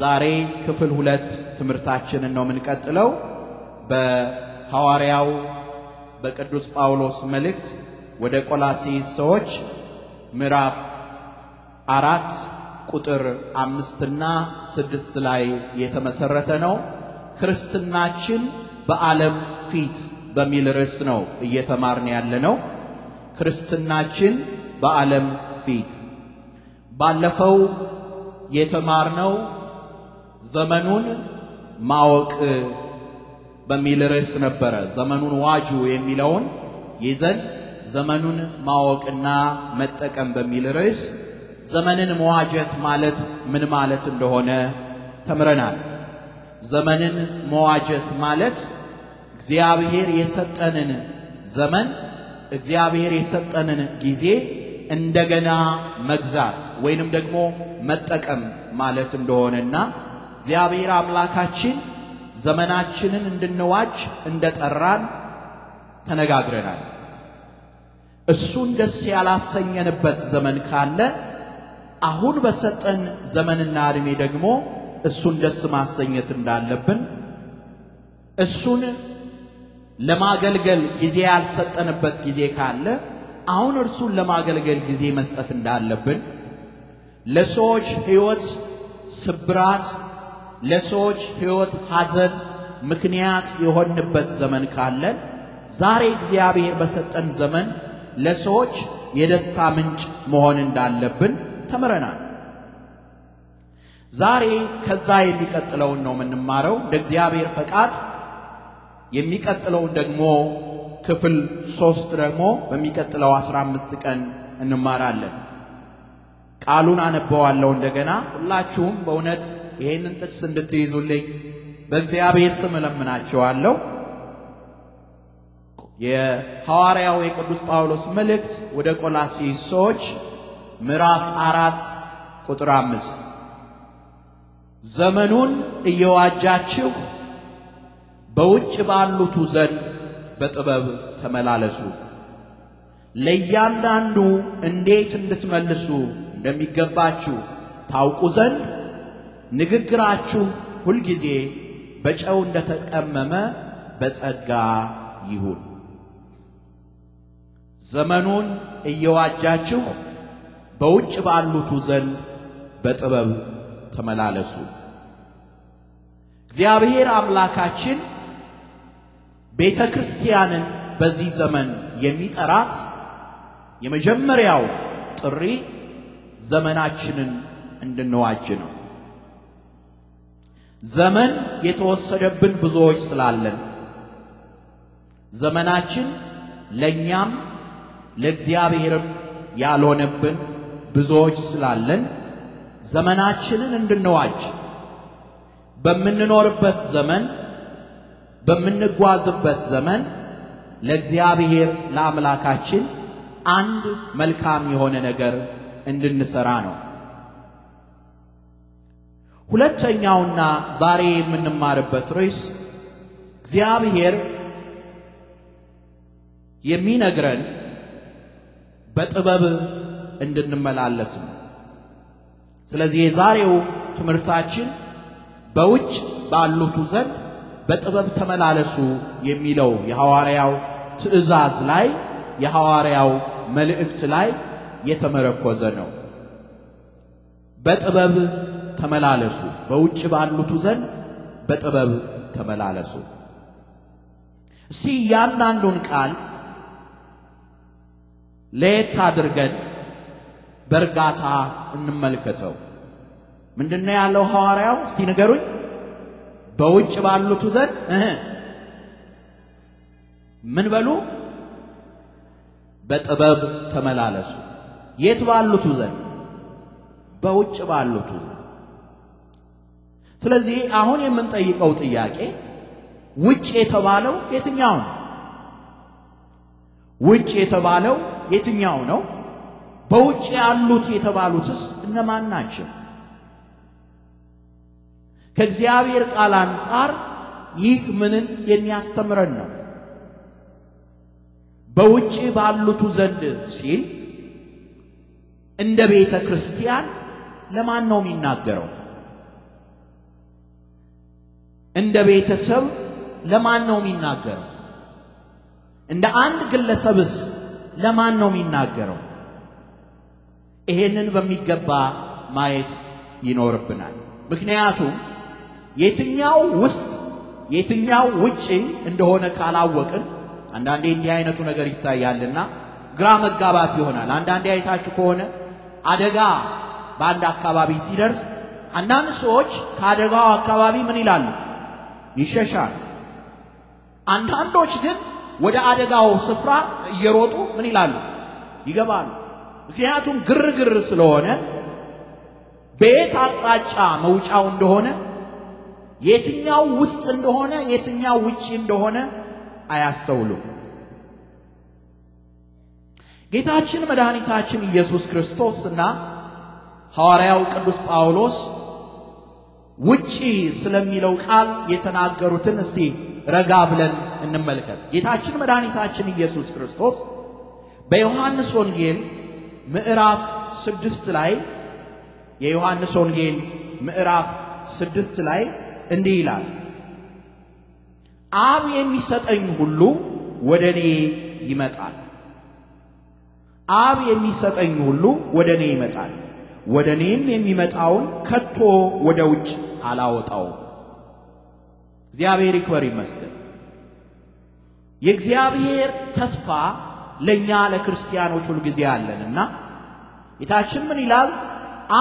ዛሬ ክፍል ሁለት ትምህርታችንን ነው የምንቀጥለው። በሐዋርያው በቅዱስ ጳውሎስ መልእክት ወደ ቆላሲስ ሰዎች ምዕራፍ አራት ቁጥር አምስትና ስድስት ላይ የተመሠረተ ነው። ክርስትናችን በዓለም ፊት በሚል ርዕስ ነው እየተማርን ያለ ነው። ክርስትናችን በዓለም ፊት ባለፈው የተማርነው ዘመኑን ማወቅ በሚል ርዕስ ነበረ። ዘመኑን ዋጁ የሚለውን ይዘን ዘመኑን ማወቅና መጠቀም በሚል ርዕስ ዘመንን መዋጀት ማለት ምን ማለት እንደሆነ ተምረናል። ዘመንን መዋጀት ማለት እግዚአብሔር የሰጠንን ዘመን እግዚአብሔር የሰጠንን ጊዜ እንደገና መግዛት ወይንም ደግሞ መጠቀም ማለት እንደሆነና እግዚአብሔር አምላካችን ዘመናችንን እንድንዋጅ እንደጠራን ተነጋግረናል። እሱን ደስ ያላሰኘንበት ዘመን ካለ አሁን በሰጠን ዘመንና እድሜ ደግሞ እሱን ደስ ማሰኘት እንዳለብን እሱን ለማገልገል ጊዜ ያልሰጠንበት ጊዜ ካለ አሁን እርሱን ለማገልገል ጊዜ መስጠት እንዳለብን ለሰዎች ሕይወት ስብራት ለሰዎች ሕይወት ሐዘን ምክንያት የሆንበት ዘመን ካለን ዛሬ እግዚአብሔር በሰጠን ዘመን ለሰዎች የደስታ ምንጭ መሆን እንዳለብን ተምረናል። ዛሬ ከዛ የሚቀጥለውን ነው የምንማረው። እንደ እግዚአብሔር ፈቃድ የሚቀጥለውን ደግሞ ክፍል ሶስት ደግሞ በሚቀጥለው አስራ አምስት ቀን እንማራለን። ቃሉን አነበዋለሁ እንደገና። ሁላችሁም በእውነት ይህንን ጥቅስ እንድትይዙልኝ በእግዚአብሔር ስም እለምናችኋለሁ። የሐዋርያው የቅዱስ ጳውሎስ መልእክት ወደ ቆላሲስ ሰዎች ምዕራፍ አራት ቁጥር አምስት ዘመኑን እየዋጃችሁ በውጭ ባሉቱ ዘንድ በጥበብ ተመላለሱ፣ ለእያንዳንዱ እንዴት እንድትመልሱ እንደሚገባችሁ ታውቁ ዘንድ ንግግራችሁ ሁልጊዜ በጨው እንደተቀመመ በጸጋ ይሁን። ዘመኑን እየዋጃችሁ በውጭ ባሉቱ ዘንድ በጥበብ ተመላለሱ። እግዚአብሔር አምላካችን ቤተ ክርስቲያንን በዚህ ዘመን የሚጠራት የመጀመሪያው ጥሪ ዘመናችንን እንድንዋጅ ነው። ዘመን የተወሰደብን ብዙዎች ስላለን ዘመናችን ለእኛም ለእግዚአብሔርም ያልሆነብን ብዙዎች ስላለን ዘመናችንን እንድንዋጅ በምንኖርበት ዘመን በምንጓዝበት ዘመን ለእግዚአብሔር ለአምላካችን አንድ መልካም የሆነ ነገር እንድንሰራ ነው። ሁለተኛውና ዛሬ የምንማርበት ርዕስ እግዚአብሔር የሚነግረን በጥበብ እንድንመላለስ ነው። ስለዚህ የዛሬው ትምህርታችን በውጭ ባሉቱ ዘንድ በጥበብ ተመላለሱ የሚለው የሐዋርያው ትእዛዝ ላይ የሐዋርያው መልእክት ላይ የተመረኮዘ ነው። በጥበብ ተመላለሱ፣ በውጭ ባሉቱ ዘንድ በጥበብ ተመላለሱ። እስቲ እያንዳንዱን ቃል ለየት አድርገን በእርጋታ እንመልከተው። ምንድነው ያለው ሐዋርያው? እስቲ ንገሩኝ። በውጭ ባሉቱ ዘንድ ምን በሉ? በጥበብ ተመላለሱ። የት ባሉቱ ዘንድ? በውጭ ባሉቱ ስለዚህ አሁን የምንጠይቀው ጥያቄ ውጭ የተባለው የትኛው ነው? ውጭ የተባለው የትኛው ነው? በውጭ ያሉት የተባሉትስ እነማን ናቸው? ከእግዚአብሔር ቃል አንጻር ይህ ምንን የሚያስተምረን ነው? በውጭ ባሉቱ ዘንድ ሲል እንደ ቤተ ክርስቲያን ለማን ነው የሚናገረው? እንደ ቤተሰብ ለማን ነው የሚናገረው? እንደ አንድ ግለሰብስ ለማን ነው የሚናገረው? ይሄንን በሚገባ ማየት ይኖርብናል። ምክንያቱም የትኛው ውስጥ የትኛው ውጪ እንደሆነ ካላወቅን አንዳንዴ እንዲህ አይነቱ ነገር ይታያልና ግራ መጋባት ይሆናል። አንዳንዴ አይታችሁ ከሆነ አደጋ በአንድ አካባቢ ሲደርስ አንዳንድ ሰዎች ከአደጋው አካባቢ ምን ይላሉ? ይሸሻል። አንዳንዶች ግን ወደ አደጋው ስፍራ እየሮጡ ምን ይላሉ? ይገባሉ። ምክንያቱም ግርግር ስለሆነ በየት አቅጣጫ መውጫው እንደሆነ የትኛው ውስጥ እንደሆነ የትኛው ውጪ እንደሆነ አያስተውሉም። ጌታችን መድኃኒታችን ኢየሱስ ክርስቶስ እና ሐዋርያው ቅዱስ ጳውሎስ ውጪ ስለሚለው ቃል የተናገሩትን እስቲ ረጋ ብለን እንመልከት። ጌታችን መድኃኒታችን ኢየሱስ ክርስቶስ በዮሐንስ ወንጌል ምዕራፍ ስድስት ላይ የዮሐንስ ወንጌል ምዕራፍ ስድስት ላይ እንዲህ ይላል፣ አብ የሚሰጠኝ ሁሉ ወደ እኔ ይመጣል። አብ የሚሰጠኝ ሁሉ ወደ እኔ ይመጣል ወደ እኔም የሚመጣውን ከቶ ወደ ውጭ አላወጣውም። እግዚአብሔር ይክበር ይመስገን። የእግዚአብሔር ተስፋ ለእኛ ለክርስቲያኖች ጊዜ አለንና ጌታችን ምን ይላል?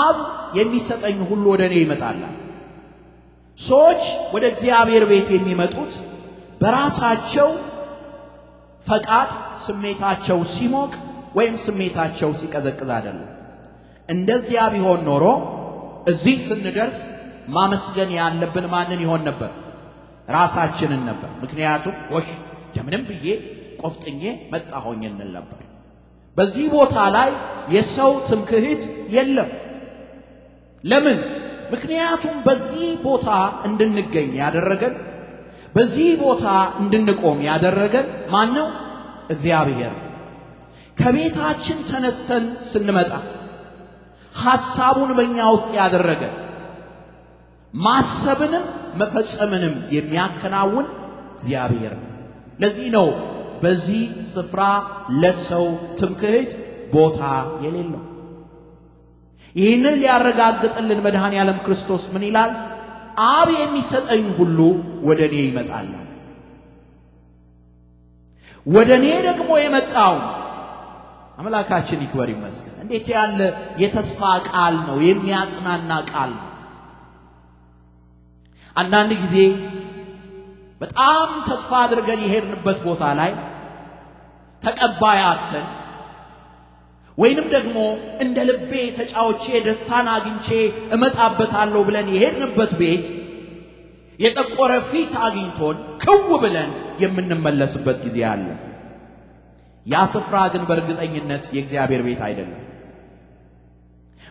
አብ የሚሰጠኝ ሁሉ ወደ እኔ ይመጣላል። ሰዎች ወደ እግዚአብሔር ቤት የሚመጡት በራሳቸው ፈቃድ ስሜታቸው ሲሞቅ ወይም ስሜታቸው ሲቀዘቅዝ አይደለም። እንደዚያ ቢሆን ኖሮ እዚህ ስንደርስ ማመስገን ያለብን ማንን ይሆን ነበር? ራሳችንን ነበር። ምክንያቱም ጎሽ ደምንም ብዬ ቆፍጥኜ መጣሆኝ እንል ነበር። በዚህ ቦታ ላይ የሰው ትምክህት የለም። ለምን? ምክንያቱም በዚህ ቦታ እንድንገኝ ያደረገን በዚህ ቦታ እንድንቆም ያደረገን ማን ነው? እግዚአብሔር። ከቤታችን ተነስተን ስንመጣ ሐሳቡን በእኛ ውስጥ ያደረገ ማሰብንም መፈጸምንም የሚያከናውን እግዚአብሔር ነው። ለዚህ ነው በዚህ ስፍራ ለሰው ትምክህት ቦታ የሌለው። ይህንን ሊያረጋግጥልን መድኃኔ ዓለም ክርስቶስ ምን ይላል? አብ የሚሰጠኝ ሁሉ ወደ እኔ ይመጣል። ወደ እኔ ደግሞ የመጣውን አምላካችን ይክበር ይመስገን። እንዴት ያለ የተስፋ ቃል ነው! የሚያጽናና ቃል ነው። አንዳንድ ጊዜ በጣም ተስፋ አድርገን የሄድንበት ቦታ ላይ ተቀባያትን ወይንም ደግሞ እንደ ልቤ ተጫውቼ ደስታን አግኝቼ እመጣበታለሁ ብለን የሄድንበት ቤት የጠቆረ ፊት አግኝቶን ክው ብለን የምንመለስበት ጊዜ አለ። ያ ስፍራ ግን በእርግጠኝነት የእግዚአብሔር ቤት አይደለም።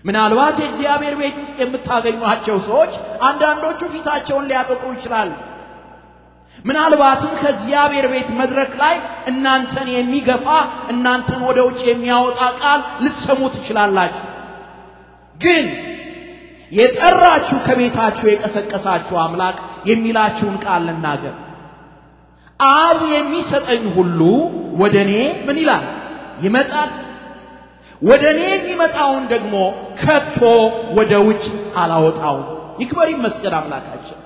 ምናልባት የእግዚአብሔር ቤት ውስጥ የምታገኟቸው ሰዎች አንዳንዶቹ ፊታቸውን ሊያጠቁ ይችላሉ። ምናልባትም ከእግዚአብሔር ቤት መድረክ ላይ እናንተን የሚገፋ እናንተን ወደ ውጭ የሚያወጣ ቃል ልትሰሙ ትችላላችሁ። ግን የጠራችሁ ከቤታችሁ የቀሰቀሳችሁ አምላክ የሚላችሁን ቃል ልናገር። አብ የሚሰጠኝ ሁሉ ወደ እኔ ምን ይላል? ይመጣል። ወደ እኔ የሚመጣውን ደግሞ ከቶ ወደ ውጭ አላወጣው። ይክበር ይመስገን አምላካችን።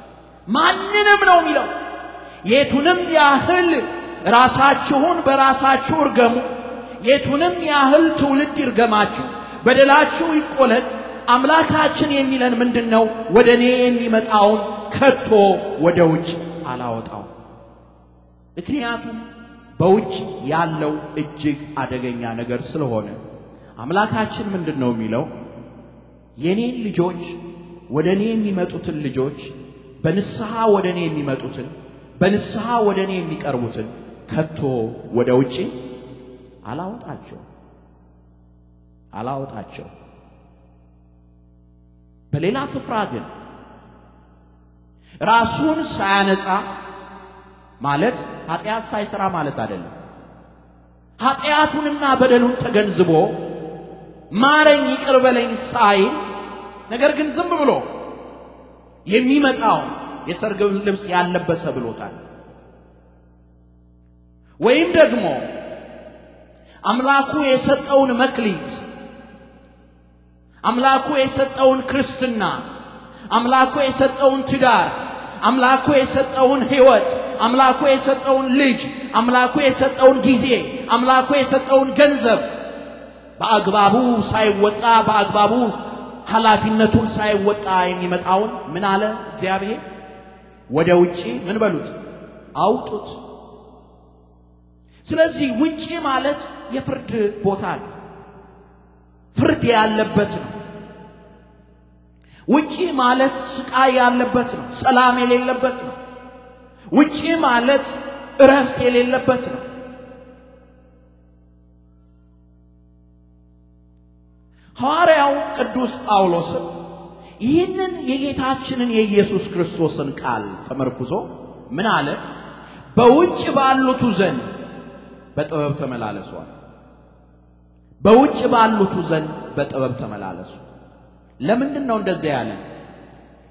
ማንንም ነው የሚለው። የቱንም ያህል ራሳችሁን በራሳችሁ እርገሙ፣ የቱንም ያህል ትውልድ ይርገማችሁ፣ በደላችሁ ይቆለጥ፣ አምላካችን የሚለን ምንድን ነው? ወደ እኔ የሚመጣውን ከቶ ወደ ውጭ አላወጣው። ምክንያቱም በውጭ ያለው እጅግ አደገኛ ነገር ስለሆነ አምላካችን ምንድን ነው የሚለው? የኔን ልጆች ወደ እኔ የሚመጡትን ልጆች በንስሐ ወደ እኔ የሚመጡትን በንስሐ ወደ እኔ የሚቀርቡትን ከቶ ወደ ውጪ አላወጣቸው አላወጣቸው። በሌላ ስፍራ ግን ራሱን ሳያነጻ ማለት ኃጢአት ሳይሰራ ማለት አይደለም። ኃጢአቱንና በደሉን ተገንዝቦ ማረኝ ይቅር በለኝ ሳይል ነገር ግን ዝም ብሎ የሚመጣው የሰርግ ልብስ ያለበሰ ብሎታል። ወይም ደግሞ አምላኩ የሰጠውን መክሊት አምላኩ የሰጠውን ክርስትና አምላኩ የሰጠውን ትዳር አምላኩ የሰጠውን ሕይወት አምላኩ የሰጠውን ልጅ፣ አምላኩ የሰጠውን ጊዜ፣ አምላኩ የሰጠውን ገንዘብ በአግባቡ ሳይወጣ በአግባቡ ኃላፊነቱን ሳይወጣ የሚመጣውን ምን አለ እግዚአብሔር? ወደ ውጪ ምን በሉት አውጡት። ስለዚህ ውጪ ማለት የፍርድ ቦታ ነው። ፍርድ ያለበት ነው። ውጪ ማለት ስቃይ ያለበት ነው። ሰላም የሌለበት ነው። ውጪ ማለት እረፍት የሌለበት ነው። ሐዋርያው ቅዱስ ጳውሎስም ይህንን የጌታችንን የኢየሱስ ክርስቶስን ቃል ተመርኩዞ ምን አለ? በውጭ ባሉቱ ዘንድ በጥበብ ተመላለሷል። በውጭ ባሉቱ ዘንድ በጥበብ ተመላለሱ። ለምንድን ነው እንደዚያ ያለ?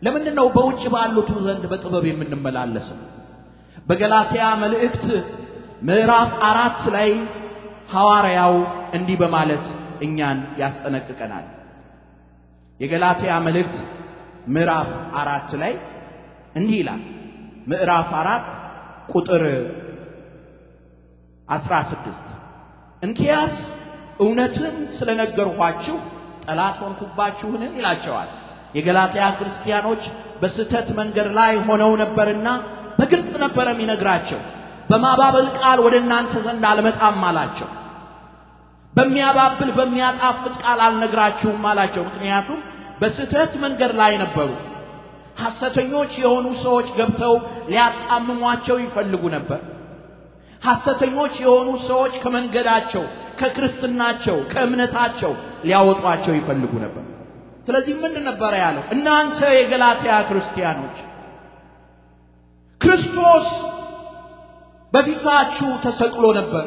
ለምንድን ነው በውጭ ባሉቱ ዘንድ በጥበብ የምንመላለሰው? በገላትያ መልእክት ምዕራፍ አራት ላይ ሐዋርያው እንዲህ በማለት እኛን ያስጠነቅቀናል። የገላትያ መልእክት ምዕራፍ አራት ላይ እንዲህ ይላል። ምዕራፍ አራት ቁጥር አስራ ስድስት እንኪያስ እውነትን ነገርኋችሁ ጠላት ሆንኩባችሁን? ይላቸዋል። የገላትያ ክርስቲያኖች በስህተት መንገድ ላይ ሆነው ነበርና በግልጽ ነበረ የሚነግራቸው። በማባበል ቃል ወደ እናንተ ዘንድ አልመጣም አላቸው። በሚያባብል በሚያጣፍጥ ቃል አልነግራችሁም አላቸው። ምክንያቱም በስህተት መንገድ ላይ ነበሩ። ሐሰተኞች የሆኑ ሰዎች ገብተው ሊያጣምሟቸው ይፈልጉ ነበር። ሐሰተኞች የሆኑ ሰዎች ከመንገዳቸው፣ ከክርስትናቸው፣ ከእምነታቸው ሊያወጧቸው ይፈልጉ ነበር። ስለዚህ ምንድን ነበረ ያለው? እናንተ የገላትያ ክርስቲያኖች ክርስቶስ በፊታችሁ ተሰቅሎ ነበር።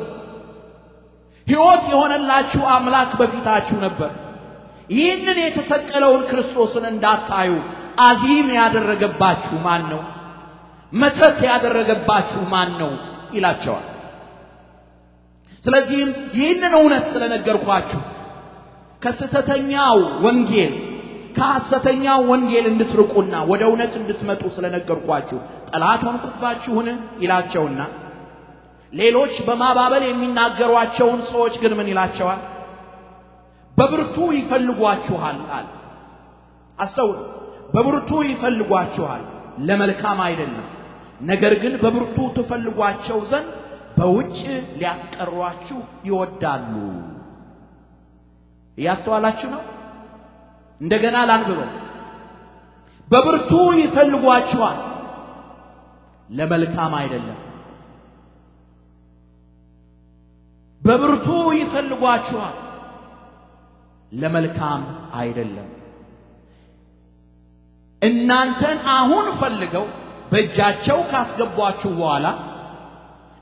ሕይወት የሆነላችሁ አምላክ በፊታችሁ ነበር። ይህንን የተሰቀለውን ክርስቶስን እንዳታዩ አዚም ያደረገባችሁ ማን ነው? መተት ያደረገባችሁ ማን ነው? ይላቸዋል። ስለዚህም ይህንን እውነት ስለነገርኳችሁ ከስተተኛው ወንጌል ከሐሰተኛው ወንጌል እንድትርቁና ወደ እውነት እንድትመጡ ስለነገርኳችሁ ጠላት ሆንኩባችሁን ይላቸውና ሌሎች በማባበል የሚናገሯቸውን ሰዎች ግን ምን ይላቸዋል? በብርቱ ይፈልጓችኋል አለ። አስተውሉ። በብርቱ ይፈልጓችኋል ለመልካም አይደለም። ነገር ግን በብርቱ ትፈልጓቸው ዘንድ በውጭ ሊያስቀሯችሁ ይወዳሉ። እያስተዋላችሁ ነው? እንደገና ላንብበው። በብርቱ ይፈልጓችኋል ለመልካም አይደለም። በብርቱ ይፈልጓችኋል፣ ለመልካም አይደለም። እናንተን አሁን ፈልገው በእጃቸው ካስገቧችሁ በኋላ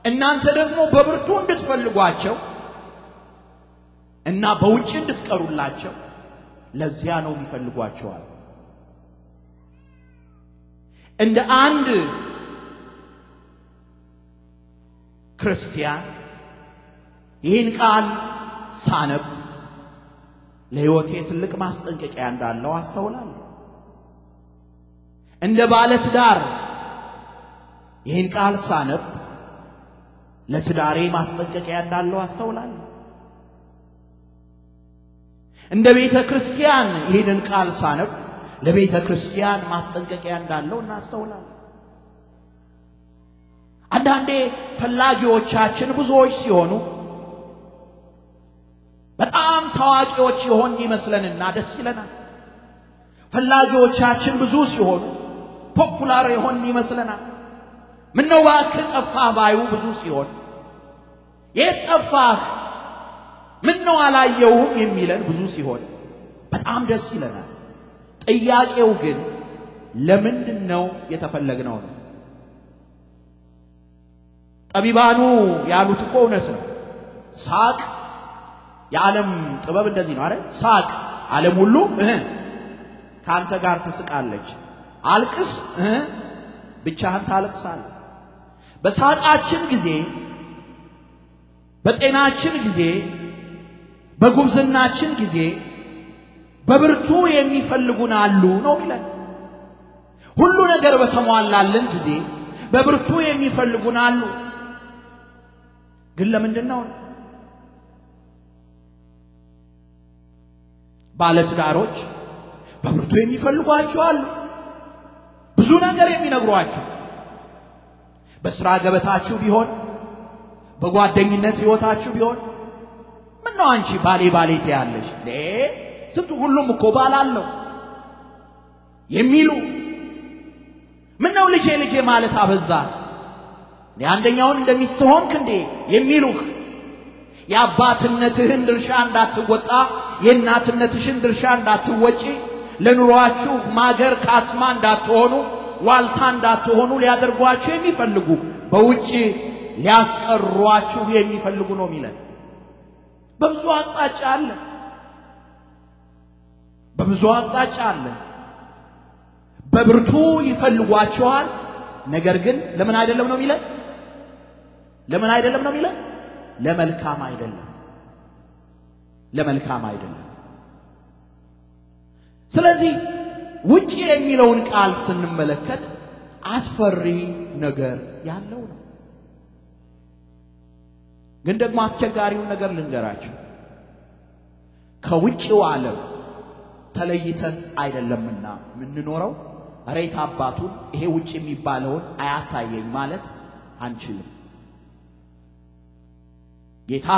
እናንተ ደግሞ በብርቱ እንድትፈልጓቸው እና በውጭ እንድትቀሩላቸው ለዚያ ነው የሚፈልጓቸዋል። እንደ አንድ ክርስቲያን ይህን ቃል ሳነብ ለሕይወቴ ትልቅ ማስጠንቀቂያ እንዳለው አስተውላለሁ። እንደ ባለ ትዳር ይህን ቃል ሳነብ ለትዳሬ ማስጠንቀቂያ እንዳለው አስተውላለሁ። እንደ ቤተ ክርስቲያን ይህንን ቃል ሳነብ ለቤተ ክርስቲያን ማስጠንቀቂያ እንዳለው እናስተውላለን። አንዳንዴ ፈላጊዎቻችን ብዙዎች ሲሆኑ በጣም ታዋቂዎች የሆን ይመስለንና ደስ ይለናል። ፈላጊዎቻችን ብዙ ሲሆኑ ፖፑላር የሆን ይመስለናል። ምነው እባክህ ጠፋህ ባዩ ብዙ ሲሆን የት ጠፋህ ምነው አላየውም የሚለን ብዙ ሲሆን በጣም ደስ ይለናል። ጥያቄው ግን ለምንድን ነው የተፈለግነው ነው? ጠቢባኑ ያሉት እኮ እውነት ነው። ሳቅ የዓለም ጥበብ እንደዚህ ነው አይደል? ሳቅ ዓለም ሁሉ ከአንተ ጋር ትስቃለች። አልቅስ ብቻህን ታለቅሳለ። በሳቃችን ጊዜ፣ በጤናችን ጊዜ፣ በጉብዝናችን ጊዜ በብርቱ የሚፈልጉን አሉ ነው የሚለን። ሁሉ ነገር በተሟላልን ጊዜ በብርቱ የሚፈልጉን አሉ። ግን ለምንድን ነው ባለትዳሮች በብርቱ የሚፈልጓችሁ አሉ። ብዙ ነገር የሚነግሯችሁ በስራ ገበታችሁ ቢሆን በጓደኝነት ህይወታችሁ ቢሆን ነው አንቺ ባሌ ባሌ ትያለሽ ሌ ስንቱ ሁሉም እኮ ባል አለው የሚሉ ነው ልጄ ልጄ ማለት አበዛ የአንደኛውን እንደሚስት ሆንክ እንዴ የሚሉህ የአባትነትህን ድርሻ እንዳትወጣ የእናትነትሽን ድርሻ እንዳትወጪ ለኑሯችሁ ማገር ካስማ እንዳትሆኑ ዋልታ እንዳትሆኑ ሊያደርጓችሁ የሚፈልጉ በውጭ ሊያስቀሯችሁ የሚፈልጉ ነው የሚለን። በብዙ አቅጣጫ አለ፣ በብዙ አቅጣጫ አለ። በብርቱ ይፈልጓችኋል። ነገር ግን ለምን አይደለም ነው የሚለን ለምን አይደለም ነው የሚለን? ለመልካም አይደለም፣ ለመልካም አይደለም። ስለዚህ ውጪ የሚለውን ቃል ስንመለከት አስፈሪ ነገር ያለው ነው። ግን ደግሞ አስቸጋሪውን ነገር ልንገራችሁ፣ ከውጪው ዓለም ተለይተን አይደለምና የምንኖረው ሬት አባቱን ይሄ ውጭ የሚባለውን አያሳየኝ ማለት አንችልም። ጌታ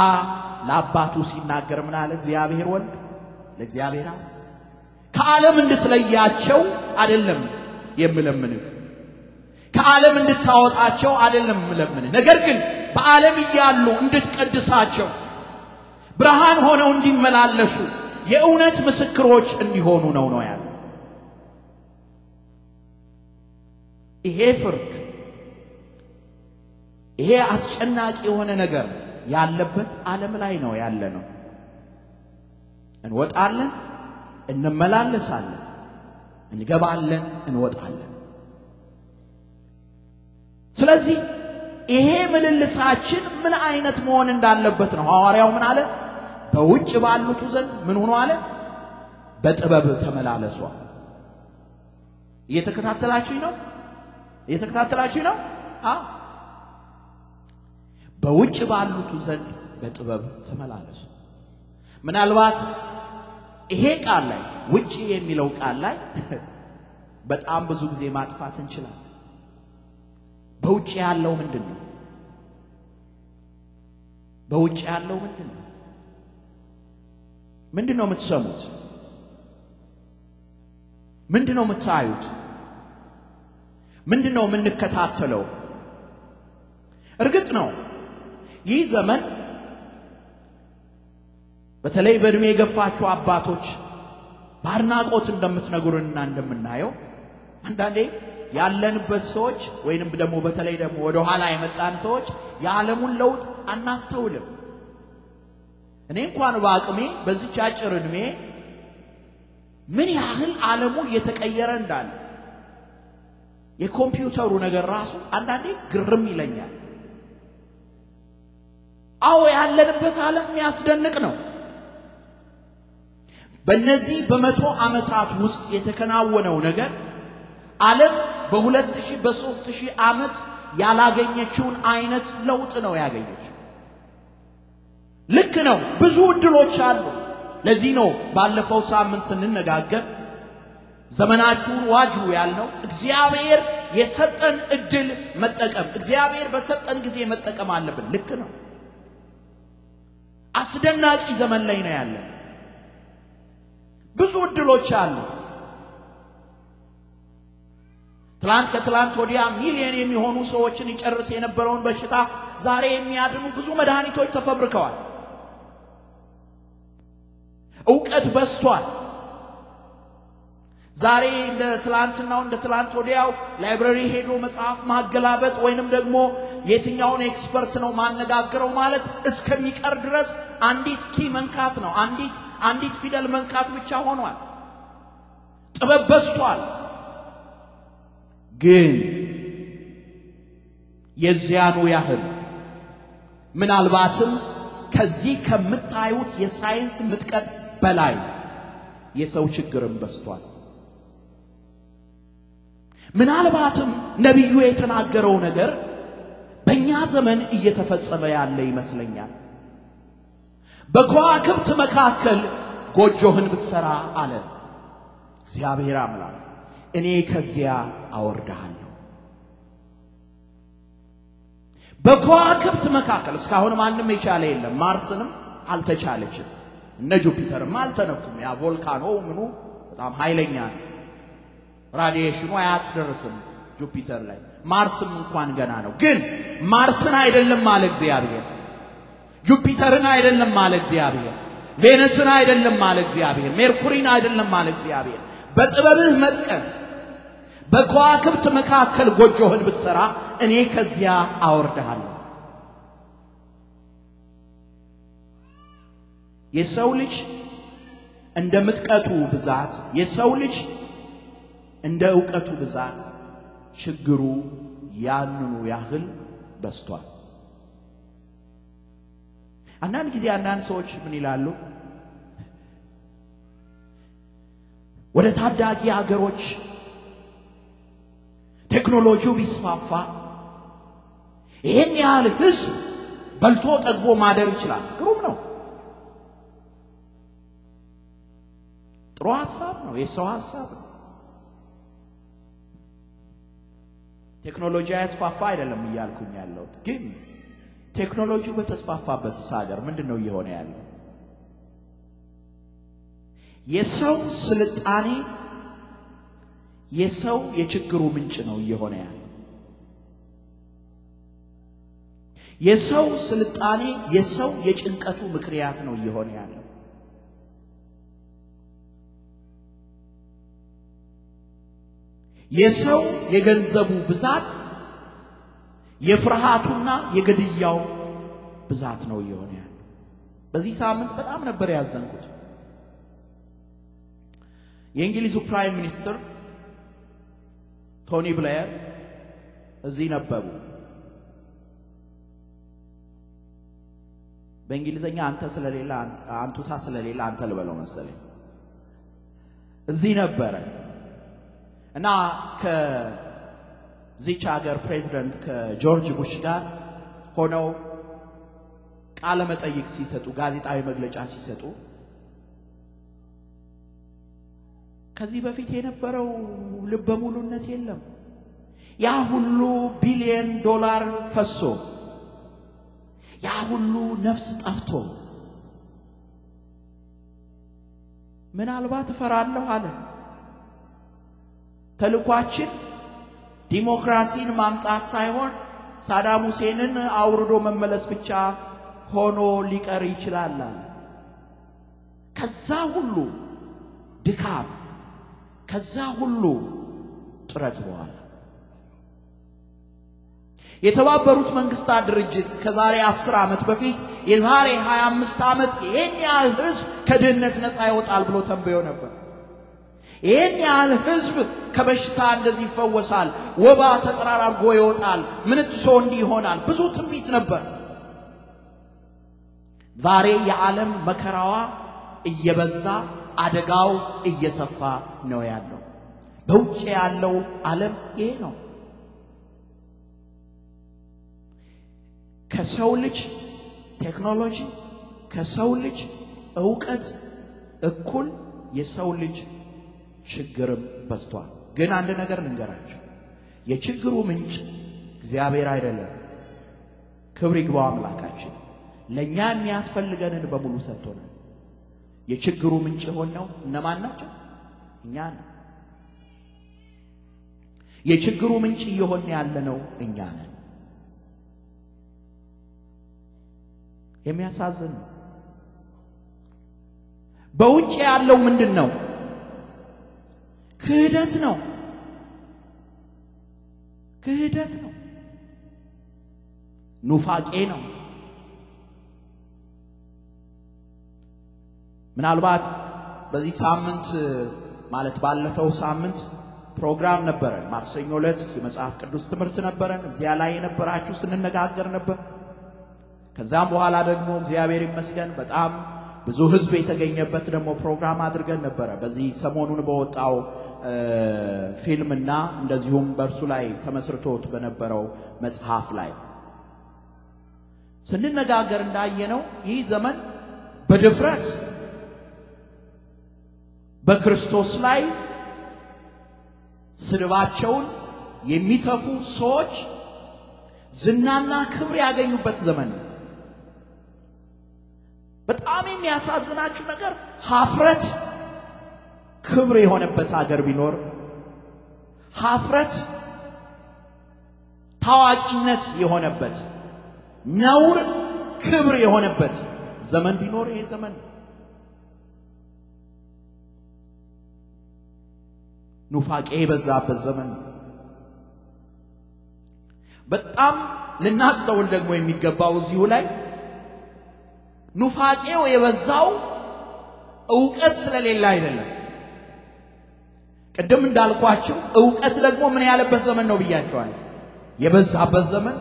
ለአባቱ ሲናገር ምን አለ? እግዚአብሔር ወልድ ለእግዚአብሔር አብ ከዓለም እንድትለያቸው አይደለም የምለምንህ፣ ከዓለም እንድታወጣቸው አይደለም የምለምንህ። ነገር ግን በዓለም እያሉ እንድትቀድሳቸው፣ ብርሃን ሆነው እንዲመላለሱ፣ የእውነት ምስክሮች እንዲሆኑ ነው ነው ያለ። ይሄ ፍርድ ይሄ አስጨናቂ የሆነ ነገር ያለበት ዓለም ላይ ነው ያለ ነው። እንወጣለን፣ እንመላለሳለን፣ እንገባለን፣ እንወጣለን። ስለዚህ ይሄ ምልልሳችን ምን አይነት መሆን እንዳለበት ነው ሐዋርያው ምን አለ? በውጭ ባሉት ዘንድ ምን ሆኖ አለ? በጥበብ ተመላለሷ። እየተከታተላችሁኝ ነው? እየተከታተላችሁኝ ነው? በውጭ ባሉቱ ዘንድ በጥበብ ተመላለሱ። ምናልባት ይሄ ቃል ላይ ውጭ የሚለው ቃል ላይ በጣም ብዙ ጊዜ ማጥፋት እንችላለን። በውጭ ያለው ምንድን ነው? በውጭ ያለው ምንድን ነው? ምንድን ነው የምትሰሙት? ምንድን ነው የምታዩት? ምንድን ነው የምንከታተለው? እርግጥ ነው ይህ ዘመን በተለይ በእድሜ የገፋችሁ አባቶች በአድናቆት እንደምትነግሩንና እንደምናየው አንዳንዴ ያለንበት ሰዎች ወይንም ደግሞ በተለይ ደግሞ ወደ ኋላ የመጣን ሰዎች የዓለሙን ለውጥ አናስተውልም። እኔ እንኳን በአቅሜ በዚች አጭር እድሜ ምን ያህል ዓለሙ እየተቀየረ እንዳለ የኮምፒውተሩ ነገር ራሱ አንዳንዴ ግርም ይለኛል። አዎ ያለንበት ዓለም የሚያስደንቅ ነው። በእነዚህ በመቶ ዓመታት ውስጥ የተከናወነው ነገር ዓለም በሁለት ሺህ በሦስት ሺህ ዓመት ያላገኘችውን አይነት ለውጥ ነው ያገኘችው። ልክ ነው። ብዙ እድሎች አሉ። ለዚህ ነው ባለፈው ሳምንት ስንነጋገር ዘመናችሁን ዋጁ ያልነው። እግዚአብሔር የሰጠን እድል መጠቀም፣ እግዚአብሔር በሰጠን ጊዜ መጠቀም አለብን። ልክ ነው። አስደናቂ ዘመን ላይ ነው ያለ። ብዙ እድሎች አሉ። ትላንት ከትላንት ወዲያ ሚሊዮን የሚሆኑ ሰዎችን ይጨርስ የነበረውን በሽታ ዛሬ የሚያድኑ ብዙ መድኃኒቶች ተፈብርከዋል። እውቀት በዝቷል። ዛሬ እንደ ትላንትናው እንደ ትላንት ወዲያው ላይብረሪ ሄዶ መጽሐፍ ማገላበጥ ወይንም ደግሞ የትኛውን ኤክስፐርት ነው ማነጋገረው ማለት እስከሚቀር ድረስ አንዲት ኪ መንካት ነው። አንዲት አንዲት ፊደል መንካት ብቻ ሆኗል። ጥበብ በዝቷል። ግን የዚያኑ ያህል ምናልባትም ከዚህ ከምታዩት የሳይንስ ምጥቀት በላይ የሰው ችግርም በዝቷል። ምናልባትም ነቢዩ የተናገረው ነገር በእኛ ዘመን እየተፈጸመ ያለ ይመስለኛል። በከዋክብት መካከል ጎጆህን ብትሠራ አለ እግዚአብሔር አምላክ፣ እኔ ከዚያ አወርድሃለሁ። በከዋክብት መካከል እስካሁን ማንም የቻለ የለም። ማርስንም አልተቻለችም። እነ ጁፒተርም አልተነኩም። ያ ቮልካኖ ምኑ በጣም ኃይለኛ ነው። ራዲዬሽኑ አያስደርስም ጁፒተር ላይ ማርስም እንኳን ገና ነው። ግን ማርስን አይደለም አለ እግዚአብሔር። ጁፒተርን አይደለም አለ እግዚአብሔር። ቬነስን አይደለም አለ እግዚአብሔር። ሜርኩሪን አይደለም አለ እግዚአብሔር። በጥበብህ መጥቀን በከዋክብት መካከል ጎጆህን ብትሰራ እኔ ከዚያ አወርድሃለሁ። የሰው ልጅ እንደ ምጥቀቱ ብዛት የሰው ልጅ እንደ ዕውቀቱ ብዛት ችግሩ ያንኑ ያህል በስቷል። አንዳንድ ጊዜ አንዳንድ ሰዎች ምን ይላሉ? ወደ ታዳጊ ሀገሮች ቴክኖሎጂው ቢስፋፋ ይህን ያህል ህዝብ በልቶ ጠግቦ ማደር ይችላል። ግሩም ነው። ጥሩ ሀሳብ ነው። የሰው ሀሳብ ነው። ቴክኖሎጂ ያስፋፋ አይደለም እያልኩኝ ያለሁት ግን ቴክኖሎጂው በተስፋፋበት ሀገር ምንድን ነው እየሆነ ያለው? የሰው ስልጣኔ የሰው የችግሩ ምንጭ ነው እየሆነ ያለው። የሰው ስልጣኔ የሰው የጭንቀቱ ምክንያት ነው እየሆነ ያለው። የሰው የገንዘቡ ብዛት የፍርሃቱና የግድያው ብዛት ነው እየሆነ ያለ። በዚህ ሳምንት በጣም ነበር ያዘንኩት። የእንግሊዙ ፕራይም ሚኒስትር ቶኒ ብሌየር እዚህ ነበሩ። በእንግሊዘኛ አንተ ስለሌላ አንቱታ ስለሌላ አንተ ልበለው መሰለኝ እዚህ ነበረ። እና ከዚች ሀገር ፕሬዚደንት ከጆርጅ ቡሽ ጋር ሆነው ቃለ መጠይቅ ሲሰጡ፣ ጋዜጣዊ መግለጫ ሲሰጡ ከዚህ በፊት የነበረው ልበ ሙሉነት የለም። ያ ሁሉ ቢሊየን ዶላር ፈሶ፣ ያ ሁሉ ነፍስ ጠፍቶ ምናልባት እፈራለሁ አለን። ተልኳችን ዲሞክራሲን ማምጣት ሳይሆን ሳዳም ሁሴንን አውርዶ መመለስ ብቻ ሆኖ ሊቀር ይችላል። ከዛ ሁሉ ድካም ከዛ ሁሉ ጥረት በኋላ የተባበሩት መንግስታት ድርጅት ከዛሬ 10 ዓመት በፊት የዛሬ 25 ዓመት ይሄን ያህል ህዝብ ከድህነት ነፃ ይወጣል ብሎ ተንብዮ ነበር። ይህን ያህል ህዝብ ከበሽታ እንደዚህ ይፈወሳል፣ ወባ ተጠራራርጎ ይወጣል፣ ምንት ሰው እንዲህ ይሆናል፣ ብዙ ትንቢት ነበር። ዛሬ የዓለም መከራዋ እየበዛ አደጋው እየሰፋ ነው ያለው። በውጭ ያለው ዓለም ይሄ ነው። ከሰው ልጅ ቴክኖሎጂ ከሰው ልጅ እውቀት እኩል የሰው ልጅ ችግርም በዝቷል። ግን አንድ ነገር ልንገራችሁ፣ የችግሩ ምንጭ እግዚአብሔር አይደለም። ክብር ይግባው አምላካችን ለእኛ የሚያስፈልገንን በሙሉ ሰጥቶናል። የችግሩ ምንጭ የሆነው እነማን ናቸው? እኛ ነን። የችግሩ ምንጭ እየሆነ ያለነው እኛ ነን። የሚያሳዝን ነው። በውጭ ያለው ምንድን ነው? ክህደት ነው። ክህደት ነው። ኑፋቄ ነው። ምናልባት በዚህ ሳምንት ማለት ባለፈው ሳምንት ፕሮግራም ነበረን። ማክሰኞ ዕለት የመጽሐፍ ቅዱስ ትምህርት ነበረን። እዚያ ላይ የነበራችሁ ስንነጋገር ነበር። ከዛም በኋላ ደግሞ እግዚአብሔር ይመስገን በጣም ብዙ ህዝብ የተገኘበት ደግሞ ፕሮግራም አድርገን ነበረ። በዚህ ሰሞኑን በወጣው ፊልምና እንደዚሁም በእርሱ ላይ ተመስርቶት በነበረው መጽሐፍ ላይ ስንነጋገር እንዳየነው ይህ ዘመን በድፍረት በክርስቶስ ላይ ስድባቸውን የሚተፉ ሰዎች ዝናና ክብር ያገኙበት ዘመን ነው። በጣም የሚያሳዝናችሁ ነገር ሀፍረት ክብር የሆነበት ሀገር ቢኖር ሀፍረት ታዋቂነት የሆነበት ነውር ክብር የሆነበት ዘመን ቢኖር ይሄ ዘመን ኑፋቄ የበዛበት ዘመን በጣም ልናስተውል ደግሞ የሚገባው እዚሁ ላይ ኑፋቄው የበዛው እውቀት ስለሌለ አይደለም። ቅድም እንዳልኳቸው እውቀት ደግሞ ምን ያለበት ዘመን ነው ብያቸዋል። የበዛበት ዘመን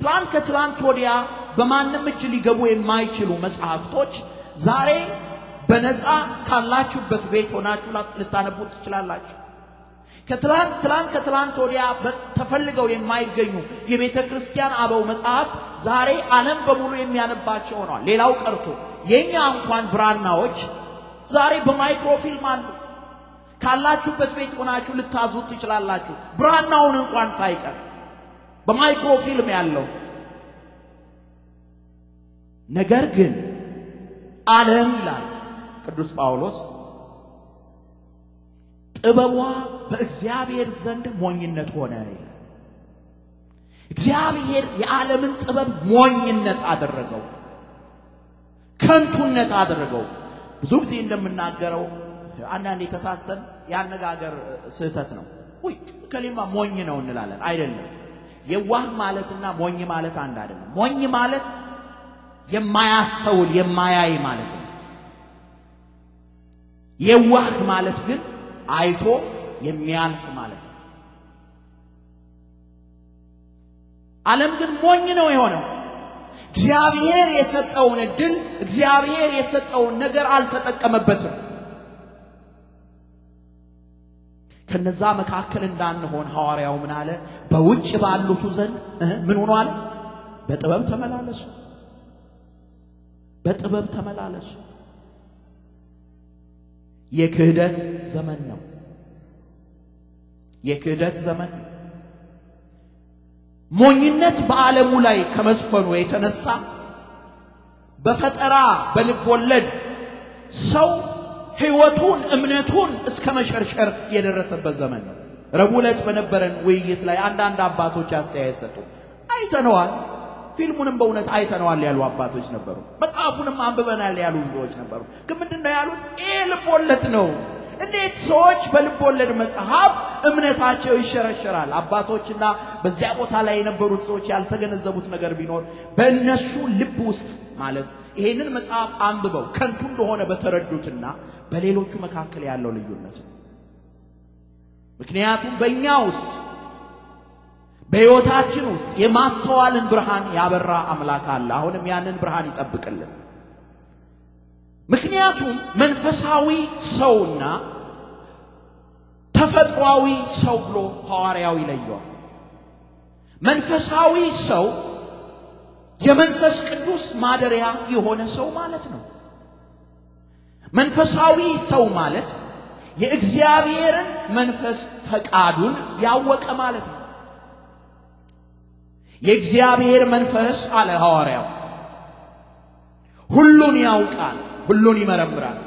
ትላንት ከትላንት ወዲያ በማንም እጅ ሊገቡ የማይችሉ መጽሐፍቶች ዛሬ በነፃ ካላችሁበት ቤት ሆናችሁ ልታነቡ ትችላላችሁ። ከትላንት ትላንት ከትላንት ወዲያ ተፈልገው የማይገኙ የቤተ ክርስቲያን አበው መጽሐፍ ዛሬ ዓለም በሙሉ የሚያነባቸው ሆኗል። ሌላው ቀርቶ የእኛ እንኳን ብራናዎች ዛሬ በማይክሮፊልም አሉ። ካላችሁበት ቤት ሆናችሁ ልታዙት ትችላላችሁ። ብራናውን እንኳን ሳይቀር በማይክሮፊልም ያለው ነገር ግን ዓለም ይላል ቅዱስ ጳውሎስ ጥበቧ በእግዚአብሔር ዘንድ ሞኝነት ሆነ። እግዚአብሔር የዓለምን ጥበብ ሞኝነት አደረገው፣ ከንቱነት አደረገው። ብዙ ጊዜ እንደምናገረው አንዳንዴ ተሳስተን የአነጋገር ስህተት ነው። ውይ ከሌማ ሞኝ ነው እንላለን። አይደለም። የዋህ ማለትና ሞኝ ማለት አንድ አይደለም። ሞኝ ማለት የማያስተውል የማያይ ማለት ነው። የዋህ ማለት ግን አይቶ የሚያልፍ ማለት ነው። ዓለም ግን ሞኝ ነው የሆነው። እግዚአብሔር የሰጠውን እድል፣ እግዚአብሔር የሰጠውን ነገር አልተጠቀመበትም። ከነዛ መካከል እንዳንሆን ሐዋርያው ምን አለ? በውጭ ባሉቱ ዘንድ ምን ሆኗል? በጥበብ ተመላለሱ፣ በጥበብ ተመላለሱ። የክህደት ዘመን ነው። የክህደት ዘመን ነው። ሞኝነት በዓለሙ ላይ ከመስፈኑ የተነሳ በፈጠራ በልብ ወለድ ሰው ህይወቱን እምነቱን እስከ መሸርሸር የደረሰበት ዘመን ነው። ረቡዕ ዕለት በነበረን ውይይት ላይ አንዳንድ አባቶች አስተያየት ሰጡ። አይተነዋል፣ ፊልሙንም በእውነት አይተነዋል ያሉ አባቶች ነበሩ። መጽሐፉንም አንብበናል ያሉ ብዙዎች ነበሩ። ግን ምንድነው ያሉት? ይህ ልቦለድ ነው። እንዴት ሰዎች በልብ ወለድ መጽሐፍ እምነታቸው ይሸረሸራል? አባቶችና በዚያ ቦታ ላይ የነበሩት ሰዎች ያልተገነዘቡት ነገር ቢኖር በእነሱ ልብ ውስጥ ማለት ይሄንን መጽሐፍ አንብበው ከንቱ እንደሆነ በተረዱትና በሌሎቹ መካከል ያለው ልዩነት ነው። ምክንያቱም በእኛ ውስጥ በሕይወታችን ውስጥ የማስተዋልን ብርሃን ያበራ አምላክ አለ። አሁንም ያንን ብርሃን ይጠብቅልን። ምክንያቱም መንፈሳዊ ሰውና ተፈጥሯዊ ሰው ብሎ ሐዋርያው ይለየዋል። መንፈሳዊ ሰው የመንፈስ ቅዱስ ማደሪያ የሆነ ሰው ማለት ነው። መንፈሳዊ ሰው ማለት የእግዚአብሔርን መንፈስ ፈቃዱን ያወቀ ማለት ነው። የእግዚአብሔር መንፈስ አለ ሐዋርያው፣ ሁሉን ያውቃል፣ ሁሉን ይመረምራል።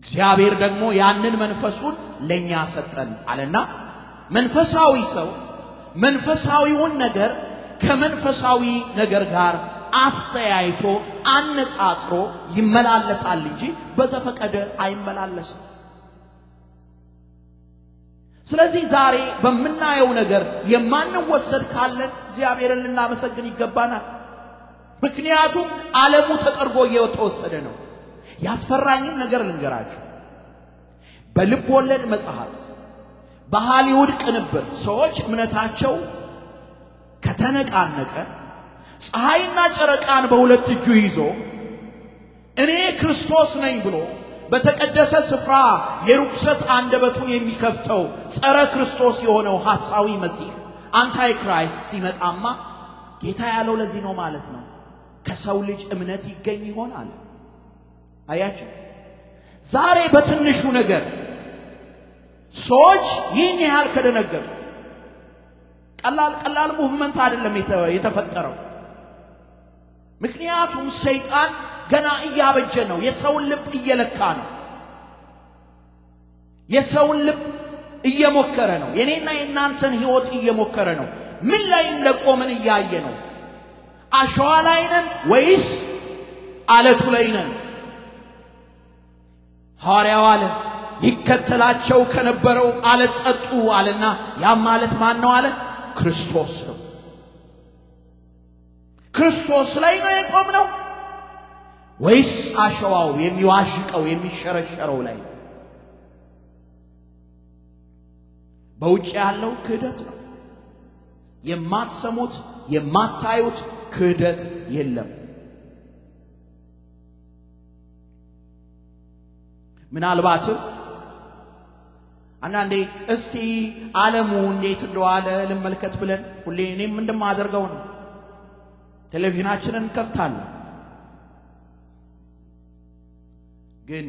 እግዚአብሔር ደግሞ ያንን መንፈሱን ለእኛ ሰጠን አለና መንፈሳዊ ሰው መንፈሳዊውን ነገር ከመንፈሳዊ ነገር ጋር አስተያይቶ አነጻጽሮ ይመላለሳል እንጂ በዘፈቀደ አይመላለስም። ስለዚህ ዛሬ በምናየው ነገር የማንወሰድ ካለን እግዚአብሔርን ልናመሰግን ይገባናል። ምክንያቱም ዓለሙ ተጠርጎ እየተወሰደ ነው። ያስፈራኝም ነገር ልንገራችሁ። በልብ ወለድ መጽሐፍት፣ በሃሊውድ ቅንብር ሰዎች እምነታቸው ከተነቃነቀ ፀሐይና ጨረቃን በሁለት እጁ ይዞ እኔ ክርስቶስ ነኝ ብሎ በተቀደሰ ስፍራ የርኩሰት አንደበቱን የሚከፍተው ጸረ ክርስቶስ የሆነው ሐሳዊ መሲህ አንታይ ክራይስት ሲመጣማ ጌታ ያለው ለዚህ ነው ማለት ነው። ከሰው ልጅ እምነት ይገኝ ይሆናል። አያችሁ፣ ዛሬ በትንሹ ነገር ሰዎች ይህን ያህል ከደነገጡ ቀላል ቀላል ሙቭመንት አይደለም የተፈጠረው ምክንያቱም ሰይጣን ገና እያበጀ ነው። የሰውን ልብ እየለካ ነው። የሰውን ልብ እየሞከረ ነው። የኔና የእናንተን ህይወት እየሞከረ ነው። ምን ላይ እንደቆምን እያየ ነው። አሸዋ ላይ ነን ወይስ አለቱ ላይ ነን? ሐዋርያው አለ ይከተላቸው ከነበረው አለት ጠጡ አለና፣ ያም ማለት ማን ነው አለ? ክርስቶስ ነው። ክርስቶስ ላይ ነው የቆምነው ወይስ አሸዋው የሚዋዥቀው የሚሸረሸረው ላይ ነው? በውጭ ያለው ክህደት ነው። የማትሰሙት የማታዩት ክህደት የለም። ምናልባትም አንዳንዴ እስቲ ዓለሙ እንዴት እንደዋለ ልመልከት ብለን ሁሌ እኔም እንደማደርገው ነው ቴሌቪዥናችንን እንከፍታለን። ግን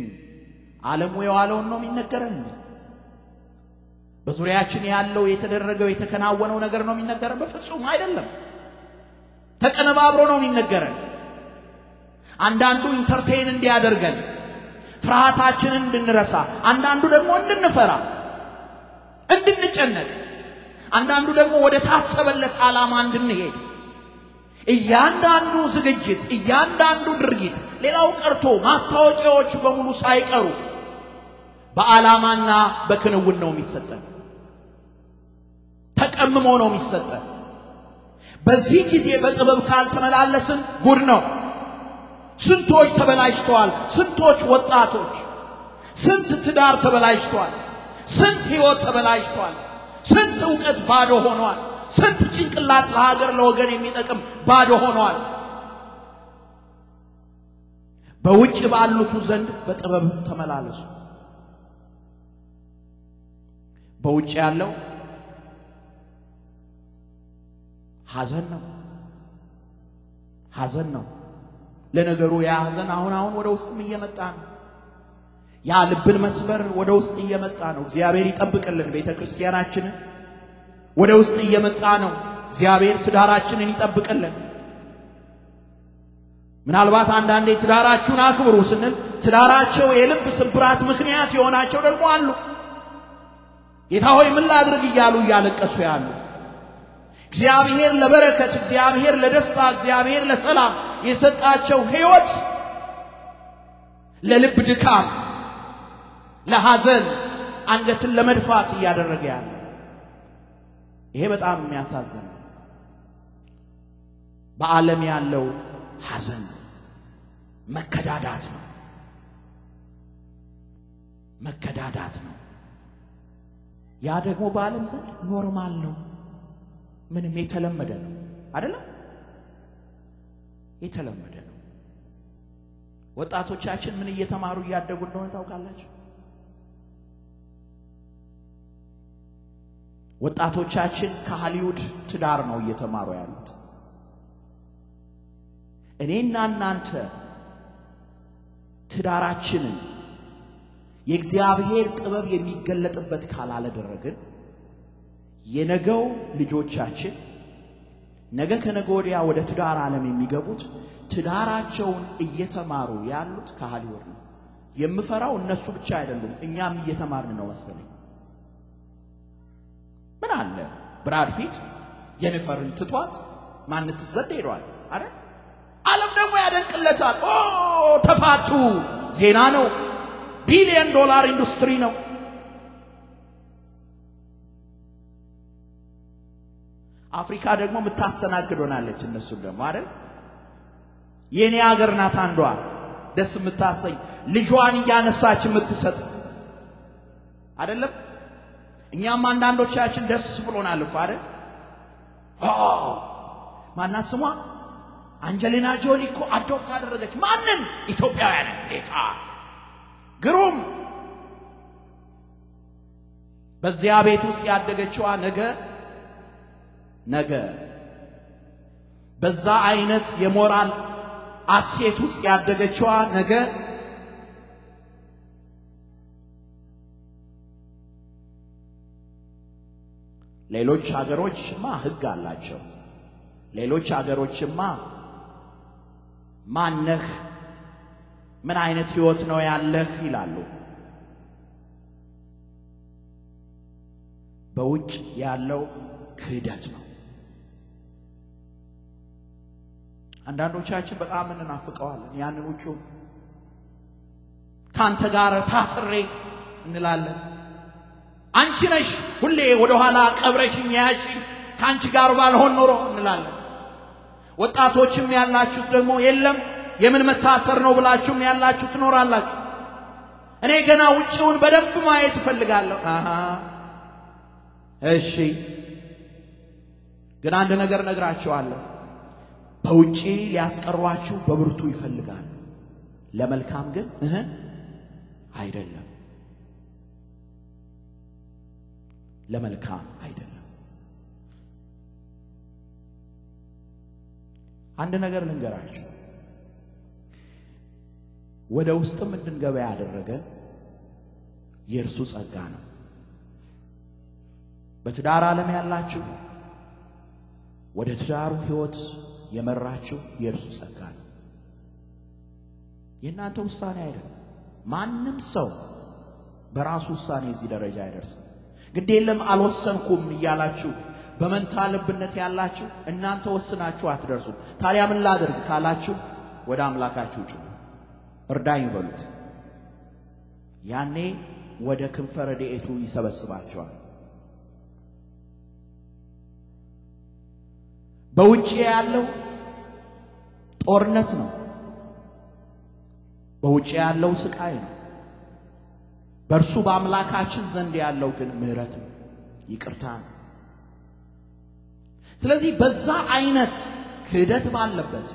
ዓለሙ የዋለውን ነው የሚነገረን። በዙሪያችን ያለው የተደረገው የተከናወነው ነገር ነው የሚነገረን? በፍጹም አይደለም። ተቀነባብሮ ነው የሚነገረን። አንዳንዱ ኢንተርቴይን እንዲያደርገን ፍርሃታችንን እንድንረሳ፣ አንዳንዱ ደግሞ እንድንፈራ፣ እንድንጨነቅ፣ አንዳንዱ ደግሞ ወደ ታሰበለት ዓላማ እንድንሄድ እያንዳንዱ ዝግጅት፣ እያንዳንዱ ድርጊት ሌላው ቀርቶ ማስታወቂያዎቹ በሙሉ ሳይቀሩ በዓላማና በክንውን ነው የሚሰጠን። ተቀምሞ ነው የሚሰጠን። በዚህ ጊዜ በጥበብ ካልተመላለስን ጉድ ነው። ስንቶች ተበላሽተዋል። ስንቶች ወጣቶች፣ ስንት ትዳር ተበላሽቷል። ስንት ሕይወት ተበላሽቷል። ስንት እውቀት ባዶ ሆኗል። ስንት ጭንቅላት ለሀገር ለወገን የሚጠቅም ባዶ ሆኗል። በውጭ ባሉቱ ዘንድ በጥበብ ተመላለሱ። በውጭ ያለው ሐዘን ነው። ሐዘን ነው። ለነገሩ ያ ሐዘን አሁን አሁን ወደ ውስጥም እየመጣ ነው። ያ ልብን መስበር ወደ ውስጥ እየመጣ ነው። እግዚአብሔር ይጠብቅልን ቤተ ክርስቲያናችንን። ወደ ውስጥ እየመጣ ነው። እግዚአብሔር ትዳራችንን ይጠብቅልን። ምናልባት አንዳንዴ ትዳራችሁን አክብሩ ስንል ትዳራቸው የልብ ስብራት ምክንያት የሆናቸው ደግሞ አሉ። ጌታ ሆይ ምን ላድርግ እያሉ እያለቀሱ ያሉ እግዚአብሔር ለበረከት፣ እግዚአብሔር ለደስታ፣ እግዚአብሔር ለሰላም የሰጣቸው ሕይወት ለልብ ድካም፣ ለሐዘን፣ አንገትን ለመድፋት እያደረገ ያለ ይሄ በጣም የሚያሳዝን በአለም በዓለም ያለው ሐዘን መከዳዳት ነው። መከዳዳት ነው። ያ ደግሞ በዓለም ዘንድ ኖርማል ነው። ምንም የተለመደ ነው አይደለም? የተለመደ ነው። ወጣቶቻችን ምን እየተማሩ እያደጉ እንደሆነ ታውቃላችሁ? ወጣቶቻችን ከሃሊውድ ትዳር ነው እየተማሩ ያሉት። እኔና እናንተ ትዳራችንን የእግዚአብሔር ጥበብ የሚገለጥበት ካላለደረግን የነገው ልጆቻችን ነገ ከነገ ወዲያ ወደ ትዳር ዓለም የሚገቡት ትዳራቸውን እየተማሩ ያሉት ከሃሊውድ ነው። የምፈራው እነሱ ብቻ አይደሉም፣ እኛም እየተማርን ነው መሰለኝ። ምን አለ ብራድ ፒት ጄኒፈርን ትቷት ማን ትዘደ ሄዷል አረ ዓለም ደግሞ ያደንቅለታል። ኦ ተፋቱ ዜና ነው፣ ቢሊየን ዶላር ኢንዱስትሪ ነው። አፍሪካ ደግሞ የምታስተናግድ ሆናለች። እነሱን ደግሞ አይደል የእኔ ሀገር ናት አንዷ ደስ የምታሰኝ ልጇን እያነሳች የምትሰጥ አይደለም። እኛም አንዳንዶቻችን ደስ ብሎናል እኮ አይደል? ማና ስሟ አንጀሊና ጆሊ እኮ አዶፕት አደረገች ማንን? ኢትዮጵያውያን ጌታ ግሩም። በዚያ ቤት ውስጥ ያደገችዋ ነገ ነገ በዛ አይነት የሞራል አሴት ውስጥ ያደገችዋ ነገ ሌሎች ሀገሮችማ ህግ አላቸው። ሌሎች ሀገሮችማ ማነህ፣ ምን አይነት ህይወት ነው ያለህ ይላሉ። በውጭ ያለው ክህደት ነው። አንዳንዶቻችን በጣም እንናፍቀዋለን። ያንን ውጭ ከአንተ ጋር ታስሬ እንላለን። አንቺ ነሽ ሁሌ ኋላ ቀብረሽኝ የያዝሽኝ፣ ከአንቺ ጋር ባልሆን ኖሮ እንላለን። ወጣቶችም ያላችሁት ደግሞ የለም የምን መታሰር ነው ብላችሁም ያላችሁ ትኖራላችሁ። እኔ ገና ውጭውን በደንብ ማየት እፈልጋለሁ። አሃ እሺ፣ ግን አንድ ነገር ነግራችኋለሁ። በውጪ ሊያስቀሯችሁ በብርቱ ይፈልጋሉ። ለመልካም ግን አይደለም። ለመልካም አይደለም። አንድ ነገር ልንገራችሁ፣ ወደ ውስጥም እንድንገባ ያደረገ የእርሱ ጸጋ ነው። በትዳር ዓለም ያላችሁ ወደ ትዳሩ ሕይወት የመራችሁ የእርሱ ጸጋ ነው፣ የእናንተ ውሳኔ አይደለም። ማንም ሰው በራሱ ውሳኔ እዚህ ደረጃ አይደርስም። ግዴለም አልወሰንኩም እያላችሁ በመንታ ልብነት ያላችሁ እናንተ ወስናችሁ አትደርሱም። ታዲያ ምን ላድርግ ካላችሁ ወደ አምላካችሁ ጩ እርዳኝ በሉት። ያኔ ወደ ክንፈ ረድኤቱ ይሰበስባቸዋል። በውጭ ያለው ጦርነት ነው። በውጭ ያለው ስቃይ ነው። በእርሱ በአምላካችን ዘንድ ያለው ግን ምሕረት ነው፣ ይቅርታ ነው። ስለዚህ በዛ አይነት ክህደት ባለበት፣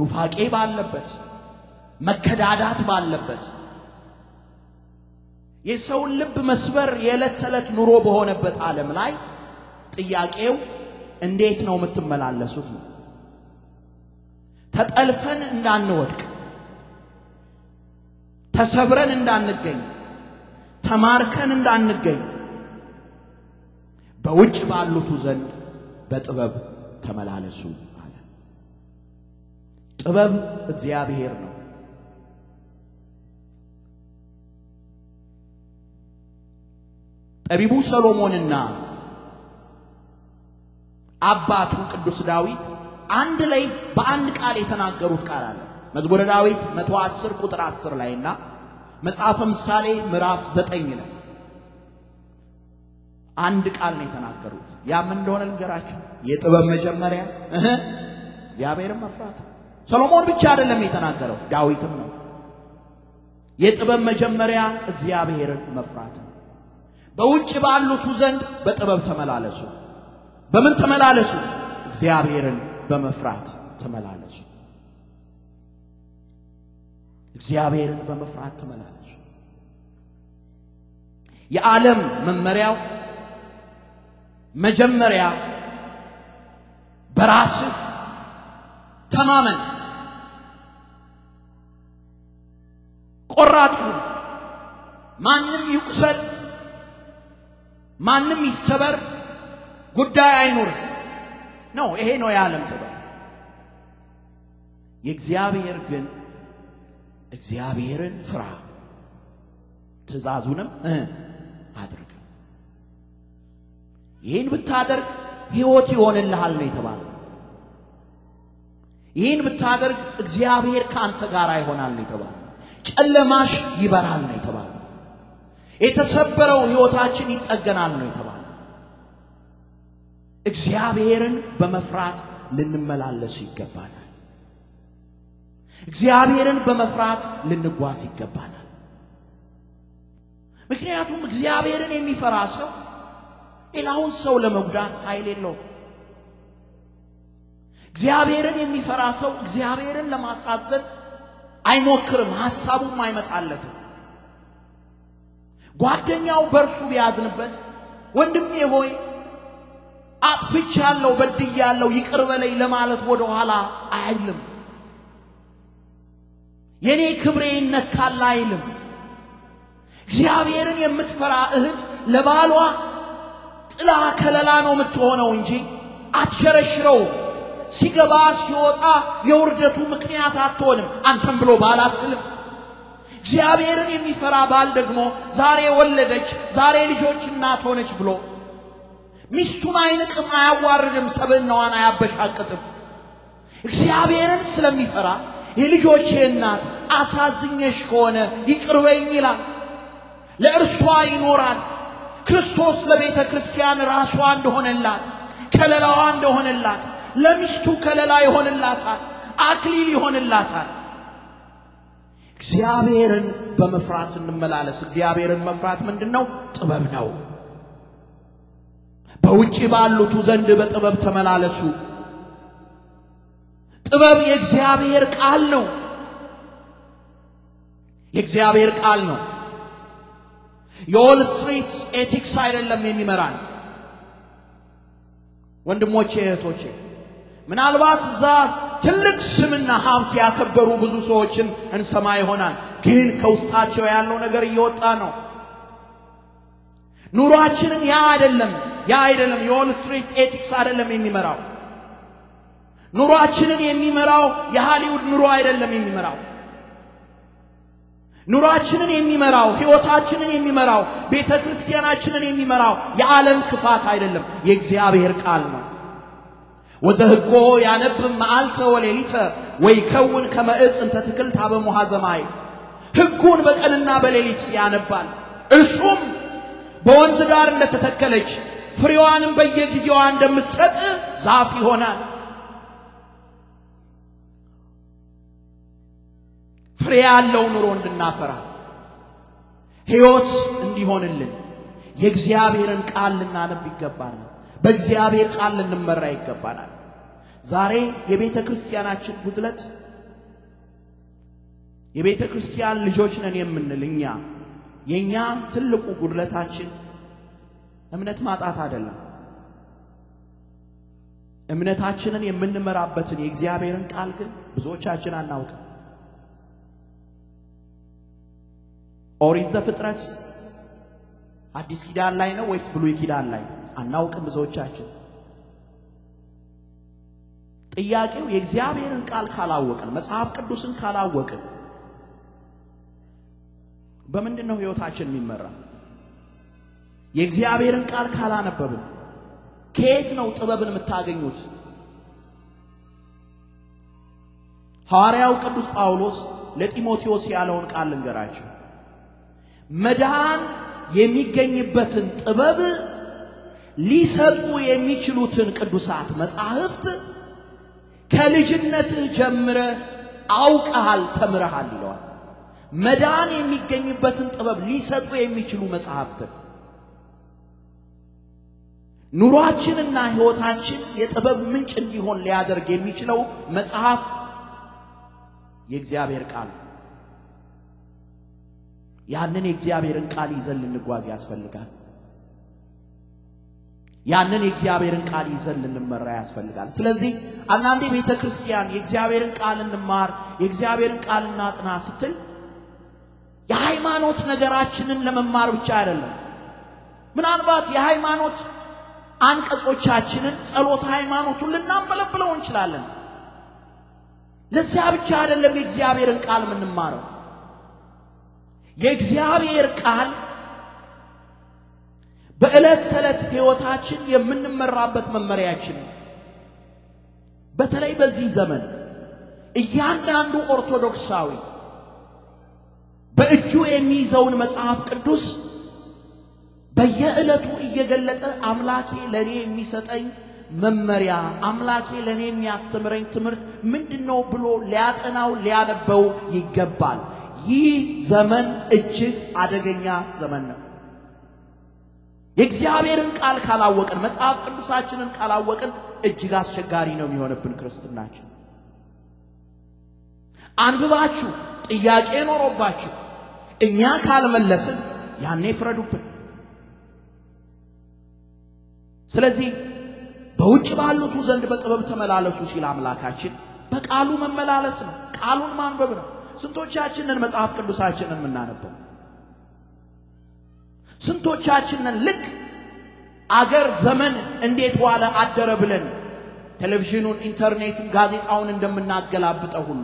ኑፋቄ ባለበት፣ መከዳዳት ባለበት፣ የሰውን ልብ መስበር የዕለት ተዕለት ኑሮ በሆነበት ዓለም ላይ ጥያቄው እንዴት ነው የምትመላለሱት ነው። ተጠልፈን እንዳንወድቅ ተሰብረን እንዳንገኝ፣ ተማርከን እንዳንገኝ በውጭ ባሉቱ ዘንድ በጥበብ ተመላለሱ አለ። ጥበብ እግዚአብሔር ነው። ጠቢቡ ሰሎሞንና አባቱ ቅዱስ ዳዊት አንድ ላይ በአንድ ቃል የተናገሩት ቃል አለ። መዝሙረ ዳዊት 110 ቁጥር 10 ላይና መጽሐፈ ምሳሌ ምዕራፍ ዘጠኝ ላይ አንድ ቃል ነው የተናገሩት። ያም እንደሆነ ልንገራችሁ፣ የጥበብ መጀመሪያ እህ እግዚአብሔርን መፍራት። ሰሎሞን ብቻ አይደለም የተናገረው፣ ዳዊትም ነው። የጥበብ መጀመሪያ እግዚአብሔርን መፍራት በውጭ ባሉቱ ዘንድ በጥበብ ተመላለሱ። በምን ተመላለሱ? እግዚአብሔርን በመፍራት ተመላለሱ። እግዚአብሔርን በመፍራት ተመላለሱ። የዓለም መመሪያው መጀመሪያ በራስህ ተማመን። ቆራጡ ማንም ይቁሰል፣ ማንም ይሰበር ጉዳይ አይኑር ነው። ይሄ ነው የዓለም ጥበብ። የእግዚአብሔር ግን እግዚአብሔርን ፍራ፣ ትእዛዙንም አድርግ። ይህን ብታደርግ ሕይወት ይሆንልሃል ነው የተባለው። ይህን ብታደርግ እግዚአብሔር ከአንተ ጋር ይሆናል ነው የተባለው። ጨለማሽ ይበራል ነው የተባለው። የተሰበረው ሕይወታችን ይጠገናል ነው የተባለው። እግዚአብሔርን በመፍራት ልንመላለስ ይገባል። እግዚአብሔርን በመፍራት ልንጓዝ ይገባናል። ምክንያቱም እግዚአብሔርን የሚፈራ ሰው ሌላውን ሰው ለመጉዳት ኃይል የለው። እግዚአብሔርን የሚፈራ ሰው እግዚአብሔርን ለማሳዘን አይሞክርም፣ ሐሳቡም አይመጣለትም። ጓደኛው በእርሱ ቢያዝንበት ወንድሜ ሆይ አጥፍቻለሁ፣ በድያለሁ፣ ይቅር በለኝ ለማለት ወደ ኋላ አይልም። የኔ ክብሬ ይነካል አይልም። እግዚአብሔርን የምትፈራ እህት ለባሏ ጥላ ከለላ ነው የምትሆነው እንጂ አትሸረሽረው። ሲገባ ሲወጣ የውርደቱ ምክንያት አትሆንም። አንተም ብሎ ባል አትልም። እግዚአብሔርን የሚፈራ ባል ደግሞ ዛሬ ወለደች፣ ዛሬ ልጆች እናት ሆነች ብሎ ሚስቱን አይንቅም፣ አያዋርድም፣ ሰብዕናዋን አያበሻቅጥም። እግዚአብሔርን ስለሚፈራ የልጆቼ እናት አሳዝኘሽ ከሆነ ይቅርበኝ ይላል። ለእርሷ ይኖራል። ክርስቶስ ለቤተ ክርስቲያን ራሷ እንደሆነላት ከለላዋ እንደሆነላት ለሚስቱ ከለላ ይሆንላታል፣ አክሊል ይሆንላታል። እግዚአብሔርን በመፍራት እንመላለስ። እግዚአብሔርን መፍራት ምንድን ነው? ጥበብ ነው። በውጪ ባሉቱ ዘንድ በጥበብ ተመላለሱ። ጥበብ የእግዚአብሔር ቃል ነው። የእግዚአብሔር ቃል ነው። የዎል ስትሪት ኤቲክስ አይደለም የሚመራን ወንድሞቼ እህቶቼ። ምናልባት እዛ ትልቅ ስምና ሀብት ያከበሩ ብዙ ሰዎችን እንሰማ ይሆናል። ግን ከውስጣቸው ያለው ነገር እየወጣ ነው። ኑሯችንን ያ አይደለም ያ አይደለም የዎል ስትሪት ኤቲክስ አይደለም የሚመራው ኑሯችንን የሚመራው የሃሊውድ ኑሮ አይደለም የሚመራው ኑሯችንን የሚመራው ሕይወታችንን የሚመራው ቤተ ክርስቲያናችንን የሚመራው የዓለም ክፋት አይደለም፣ የእግዚአብሔር ቃል ነው። ወዘህጎ ያነብ መዓልተ ወሌሊተ ወይ ከውን ከመእጽ እንተ ትክል ታበ ሙሓዘ ማይ። ሕጉን በቀንና በሌሊት ያነባል። እርሱም በወንዝ ዳር እንደተተከለች ፍሬዋንም በየጊዜዋ እንደምትሰጥ ዛፍ ይሆናል። ፍሬ ያለው ኑሮ እንድናፈራ ሕይወት እንዲሆንልን የእግዚአብሔርን ቃል ልናነብ ይገባናል። በእግዚአብሔር ቃል ልንመራ ይገባናል። ዛሬ የቤተ ክርስቲያናችን ጉድለት የቤተ ክርስቲያን ልጆች ነን የምንል እኛ የእኛ ትልቁ ጉድለታችን እምነት ማጣት አይደለም። እምነታችንን የምንመራበትን የእግዚአብሔርን ቃል ግን ብዙዎቻችን አናውቅም። ኦሪት ዘፍጥረት አዲስ ኪዳን ላይ ነው ወይስ ብሉይ ኪዳን ላይ አናውቅም። ብዙዎቻችን ጥያቄው የእግዚአብሔርን ቃል ካላወቅን፣ መጽሐፍ ቅዱስን ካላወቅን በምንድን ነው ህይወታችን የሚመራ? የእግዚአብሔርን ቃል ካላነበብን ከየት ነው ጥበብን የምታገኙት? ሐዋርያው ቅዱስ ጳውሎስ ለጢሞቴዎስ ያለውን ቃል ልንገራቸው። መድኃን የሚገኝበትን ጥበብ ሊሰጡ የሚችሉትን ቅዱሳት መጻሕፍት ከልጅነት ጀምረ አውቀሃል፣ ተምረሃል ይለዋል። መዳን የሚገኝበትን ጥበብ ሊሰጡ የሚችሉ መጽሐፍትን ኑሯችንና ሕይወታችን የጥበብ ምንጭ እንዲሆን ሊያደርግ የሚችለው መጽሐፍ የእግዚአብሔር ቃል ነው። ያንን የእግዚአብሔርን ቃል ይዘን ልንጓዝ ያስፈልጋል። ያንን የእግዚአብሔርን ቃል ይዘን ልንመራ ያስፈልጋል። ስለዚህ አንዳንዴ ቤተ ክርስቲያን የእግዚአብሔርን ቃል እንማር፣ የእግዚአብሔርን ቃል እናጥና ስትል የሃይማኖት ነገራችንን ለመማር ብቻ አይደለም። ምናልባት የሃይማኖት አንቀጾቻችንን ጸሎት ሃይማኖቱን ልናንበለብለው እንችላለን። ለዚያ ብቻ አይደለም የእግዚአብሔርን ቃል የምንማረው። የእግዚአብሔር ቃል በዕለት ተዕለት ሕይወታችን የምንመራበት መመሪያችን ነው። በተለይ በዚህ ዘመን እያንዳንዱ ኦርቶዶክሳዊ በእጁ የሚይዘውን መጽሐፍ ቅዱስ በየዕለቱ እየገለጠ አምላኬ ለእኔ የሚሰጠኝ መመሪያ አምላኬ ለእኔ የሚያስተምረኝ ትምህርት ምንድን ነው ብሎ ሊያጠናው ሊያነበው ይገባል። ይህ ዘመን እጅግ አደገኛ ዘመን ነው። የእግዚአብሔርን ቃል ካላወቅን፣ መጽሐፍ ቅዱሳችንን ካላወቅን እጅግ አስቸጋሪ ነው የሚሆንብን ክርስትናችን። አንብባችሁ ጥያቄ ኖሮባችሁ እኛ ካልመለስን ያኔ ፍረዱብን። ስለዚህ በውጭ ባሉቱ ዘንድ በጥበብ ተመላለሱ ሲል አምላካችን በቃሉ መመላለስ ነው፣ ቃሉን ማንበብ ነው። ስንቶቻችንን መጽሐፍ ቅዱሳችንን የምናነበው? ስንቶቻችንን ልክ አገር ዘመን እንዴት ዋለ አደረ ብለን ቴሌቪዥኑን፣ ኢንተርኔቱን፣ ጋዜጣውን እንደምናገላብጠው ሁሉ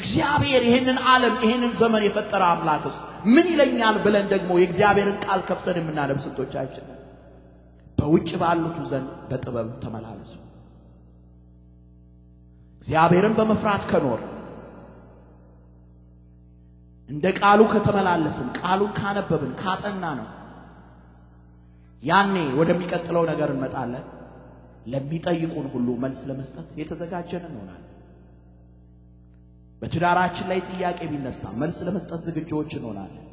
እግዚአብሔር ይህንን ዓለም ይህንን ዘመን የፈጠረ አምላክስ ምን ይለኛል ብለን ደግሞ የእግዚአብሔርን ቃል ከፍተን የምናነብ ስንቶቻችን? በውጭ ባሉቱ ዘንድ በጥበብ ተመላለሱ፣ እግዚአብሔርን በመፍራት ከኖር እንደ ቃሉ ከተመላለስን ቃሉን ካነበብን ካጠና ነው ያኔ ወደሚቀጥለው ነገር እንመጣለን። ለሚጠይቁን ሁሉ መልስ ለመስጠት የተዘጋጀን እንሆናለን። በትዳራችን ላይ ጥያቄ ቢነሳ መልስ ለመስጠት ዝግጆች እንሆናለን።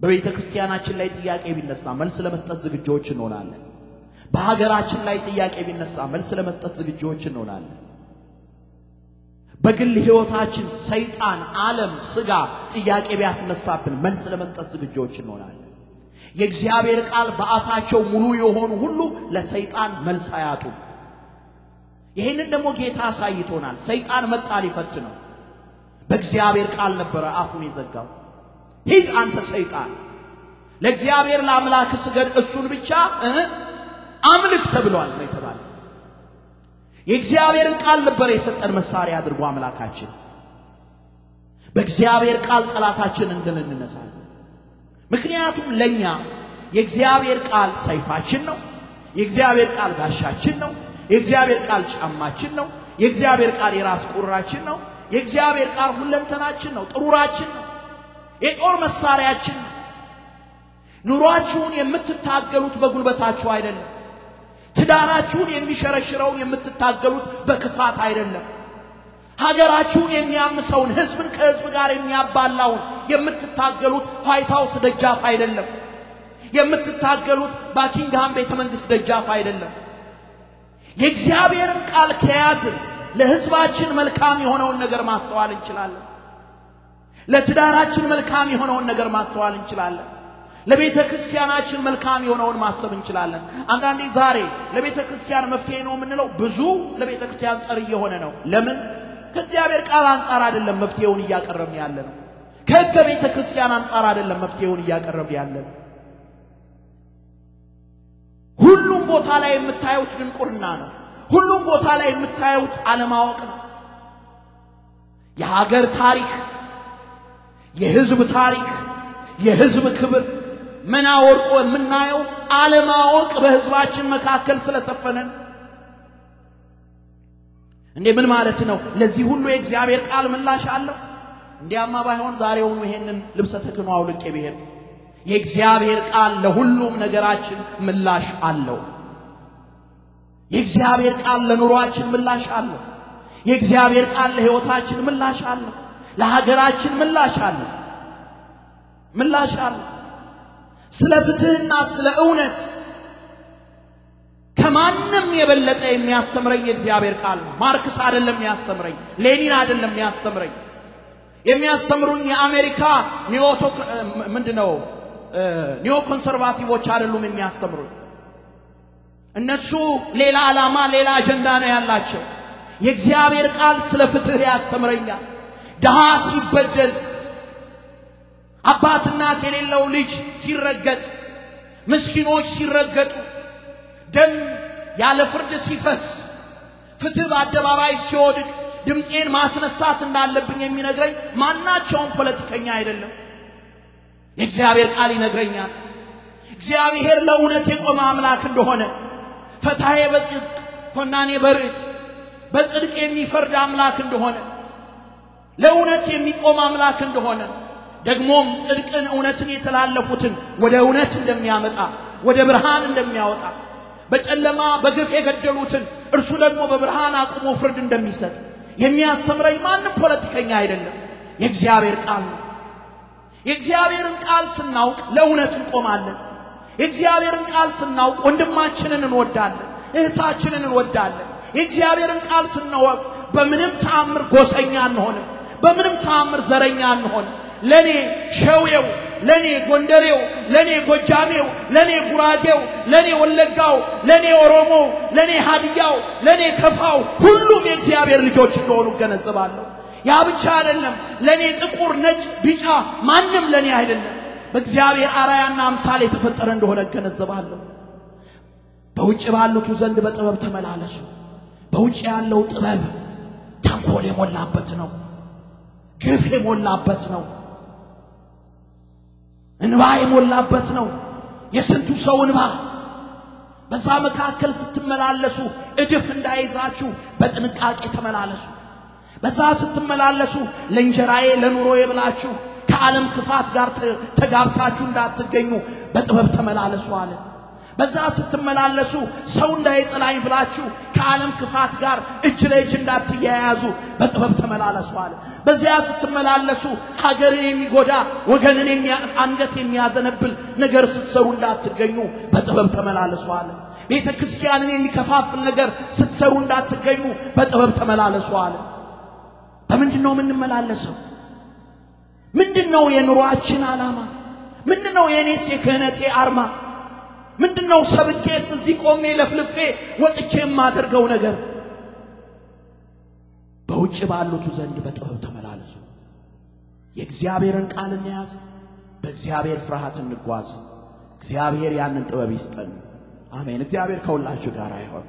በቤተ ክርስቲያናችን ላይ ጥያቄ ቢነሳ መልስ ለመስጠት ዝግጆች እንሆናለን። በሀገራችን ላይ ጥያቄ ቢነሳ መልስ ለመስጠት ዝግጆች እንሆናለን። በግል ህይወታችን ሰይጣን፣ ዓለም፣ ስጋ ጥያቄ ቢያስነሳብን መልስ ለመስጠት ዝግጆች እንሆናለን። የእግዚአብሔር ቃል በአፋቸው ሙሉ የሆኑ ሁሉ ለሰይጣን መልስ አያጡም። ይህንን ደግሞ ጌታ አሳይቶናል። ሰይጣን መጣ ነው በእግዚአብሔር ቃል ነበረ አፉን የዘጋው። ሂድ አንተ ሰይጣን፣ ለእግዚአብሔር ለአምላክ ስገድ፣ እሱን ብቻ አምልክ ተብሏል ነው የእግዚአብሔርን ቃል ነበረ የሰጠን መሳሪያ አድርጎ አምላካችን። በእግዚአብሔር ቃል ጠላታችን እንድል እንነሳለን። ምክንያቱም ለእኛ የእግዚአብሔር ቃል ሰይፋችን ነው። የእግዚአብሔር ቃል ጋሻችን ነው። የእግዚአብሔር ቃል ጫማችን ነው። የእግዚአብሔር ቃል የራስ ቁራችን ነው። የእግዚአብሔር ቃል ሁለንተናችን ነው፣ ጥሩራችን ነው፣ የጦር መሳሪያችን ነው። ኑሯችሁን የምትታገሉት በጉልበታችሁ አይደለም። ትዳራችሁን የሚሸረሽረውን የምትታገሉት በክፋት አይደለም። ሀገራችሁን የሚያምሰውን ህዝብን ከህዝብ ጋር የሚያባላውን የምትታገሉት ዋይት ሀውስ ደጃፍ አይደለም። የምትታገሉት ባኪንግሃም ቤተ መንግስት ደጃፍ አይደለም። የእግዚአብሔርን ቃል ከያዝን ለህዝባችን መልካም የሆነውን ነገር ማስተዋል እንችላለን። ለትዳራችን መልካም የሆነውን ነገር ማስተዋል እንችላለን። ለቤተ ክርስቲያናችን መልካም የሆነውን ማሰብ እንችላለን። አንዳንዴ ዛሬ ለቤተ ክርስቲያን መፍትሄ ነው የምንለው ብዙ ለቤተ ክርስቲያን ጸር እየሆነ ነው። ለምን? ከእግዚአብሔር ቃል አንጻር አይደለም መፍትሄውን እያቀረብን ያለ ነው። ከሕገ ቤተ ክርስቲያን አንጻር አይደለም መፍትሄውን እያቀረብን ያለ ነው። ሁሉም ቦታ ላይ የምታዩት ድንቁርና ነው። ሁሉም ቦታ ላይ የምታዩት አለማወቅ ነው። የሀገር ታሪክ፣ የህዝብ ታሪክ፣ የህዝብ ክብር መናወርቆ የምናየው አለማወቅ በህዝባችን መካከል ስለሰፈነን እንዴ ምን ማለት ነው? ለዚህ ሁሉ የእግዚአብሔር ቃል ምላሽ አለው። እንዲያማ ባይሆን ዛሬውኑ ይሄንን ልብሰ ተክህኖ አውልቄ ብሄድ። የእግዚአብሔር ቃል ለሁሉም ነገራችን ምላሽ አለው። የእግዚአብሔር ቃል ለኑሯችን ምላሽ አለው። የእግዚአብሔር ቃል ለህይወታችን ምላሽ አለው። ለሀገራችን ምላሽ አለው። ምላሽ አለው። ስለ ፍትህና ስለ እውነት ከማንም የበለጠ የሚያስተምረኝ የእግዚአብሔር ቃል ነው። ማርክስ አይደለም የሚያስተምረኝ፣ ሌኒን አይደለም የሚያስተምረኝ። የሚያስተምሩኝ የአሜሪካ ምንድነው ኒዮ ኮንሰርቫቲቮች አይደሉም የሚያስተምሩኝ። እነሱ ሌላ ዓላማ፣ ሌላ አጀንዳ ነው ያላቸው። የእግዚአብሔር ቃል ስለ ፍትህ ያስተምረኛል። ድሃ ሲበደል አባት እናት የሌለው ልጅ ሲረገጥ፣ ምስኪኖች ሲረገጡ፣ ደም ያለ ፍርድ ሲፈስ፣ ፍትህ በአደባባይ ሲወድቅ ድምፄን ማስነሳት እንዳለብኝ የሚነግረኝ ማናቸውም ፖለቲከኛ አይደለም። የእግዚአብሔር ቃል ይነግረኛል። እግዚአብሔር ለእውነት የቆመ አምላክ እንደሆነ ፈታሄ በጽድቅ ኮናኔ በርዕት በጽድቅ የሚፈርድ አምላክ እንደሆነ ለእውነት የሚቆም አምላክ እንደሆነ ደግሞም ጽድቅን፣ እውነትን የተላለፉትን ወደ እውነት እንደሚያመጣ ወደ ብርሃን እንደሚያወጣ በጨለማ በግፍ የገደሉትን እርሱ ደግሞ በብርሃን አቁሞ ፍርድ እንደሚሰጥ የሚያስተምረኝ ማንም ፖለቲከኛ አይደለም፣ የእግዚአብሔር ቃል ነው። የእግዚአብሔርን ቃል ስናውቅ ለእውነት እንቆማለን። የእግዚአብሔርን ቃል ስናውቅ ወንድማችንን እንወዳለን፣ እህታችንን እንወዳለን። የእግዚአብሔርን ቃል ስናወቅ በምንም ተአምር ጎሰኛ አንሆንም፣ በምንም ተአምር ዘረኛ አንሆንም። ለኔ ሸዌው፣ ለኔ ጎንደሬው፣ ለኔ ጎጃሜው፣ ለኔ ጉራጌው፣ ለኔ ወለጋው፣ ለኔ ኦሮሞው፣ ለኔ ሀዲያው፣ ለኔ ከፋው ሁሉም የእግዚአብሔር ልጆች እንደሆኑ እገነዘባለሁ። ያ ብቻ አይደለም። ለኔ ጥቁር፣ ነጭ፣ ቢጫ ማንም ለኔ አይደለም። በእግዚአብሔር አራያና አምሳሌ የተፈጠረ እንደሆነ እገነዘባለሁ። በውጭ ባሉቱ ዘንድ በጥበብ ተመላለሱ። በውጭ ያለው ጥበብ ተንኮል የሞላበት ነው። ግፍ የሞላበት ነው። እንባ የሞላበት ነው። የስንቱ ሰው እንባ በዛ መካከል ስትመላለሱ እድፍ እንዳይዛችሁ በጥንቃቄ ተመላለሱ። በዛ ስትመላለሱ ለእንጀራዬ ለኑሮዬ ብላችሁ ከዓለም ክፋት ጋር ተጋብታችሁ እንዳትገኙ በጥበብ ተመላለሱ አለ። በዛ ስትመላለሱ ሰው እንዳይጥላኝ ብላችሁ ከዓለም ክፋት ጋር እጅ ለእጅ እንዳትያያዙ በጥበብ ተመላለሱ አለ። በዚያ ስትመላለሱ ሀገርን የሚጎዳ ወገንን አንገት የሚያዘነብል ነገር ስትሰሩ እንዳትገኙ በጥበብ ተመላለሱ አለ። ቤተ ክርስቲያንን የሚከፋፍል ነገር ስትሰሩ እንዳትገኙ በጥበብ ተመላለሱ አለ። በምንድን ነው የምንመላለሰው? ምንድን ነው የኑሯችን ዓላማ? ምንድን ነው የእኔስ የክህነቴ አርማ? ምንድን ነው ሰብኬስ እዚህ ቆሜ ለፍልፌ ወጥቼ የማደርገው ነገር? በውጭ ባሉቱ ዘንድ በጥበብ የእግዚአብሔርን ቃል እንያዝ፣ በእግዚአብሔር ፍርሃት እንጓዝ። እግዚአብሔር ያንን ጥበብ ይስጠን። አሜን። እግዚአብሔር ከሁላችሁ ጋር አይሆን።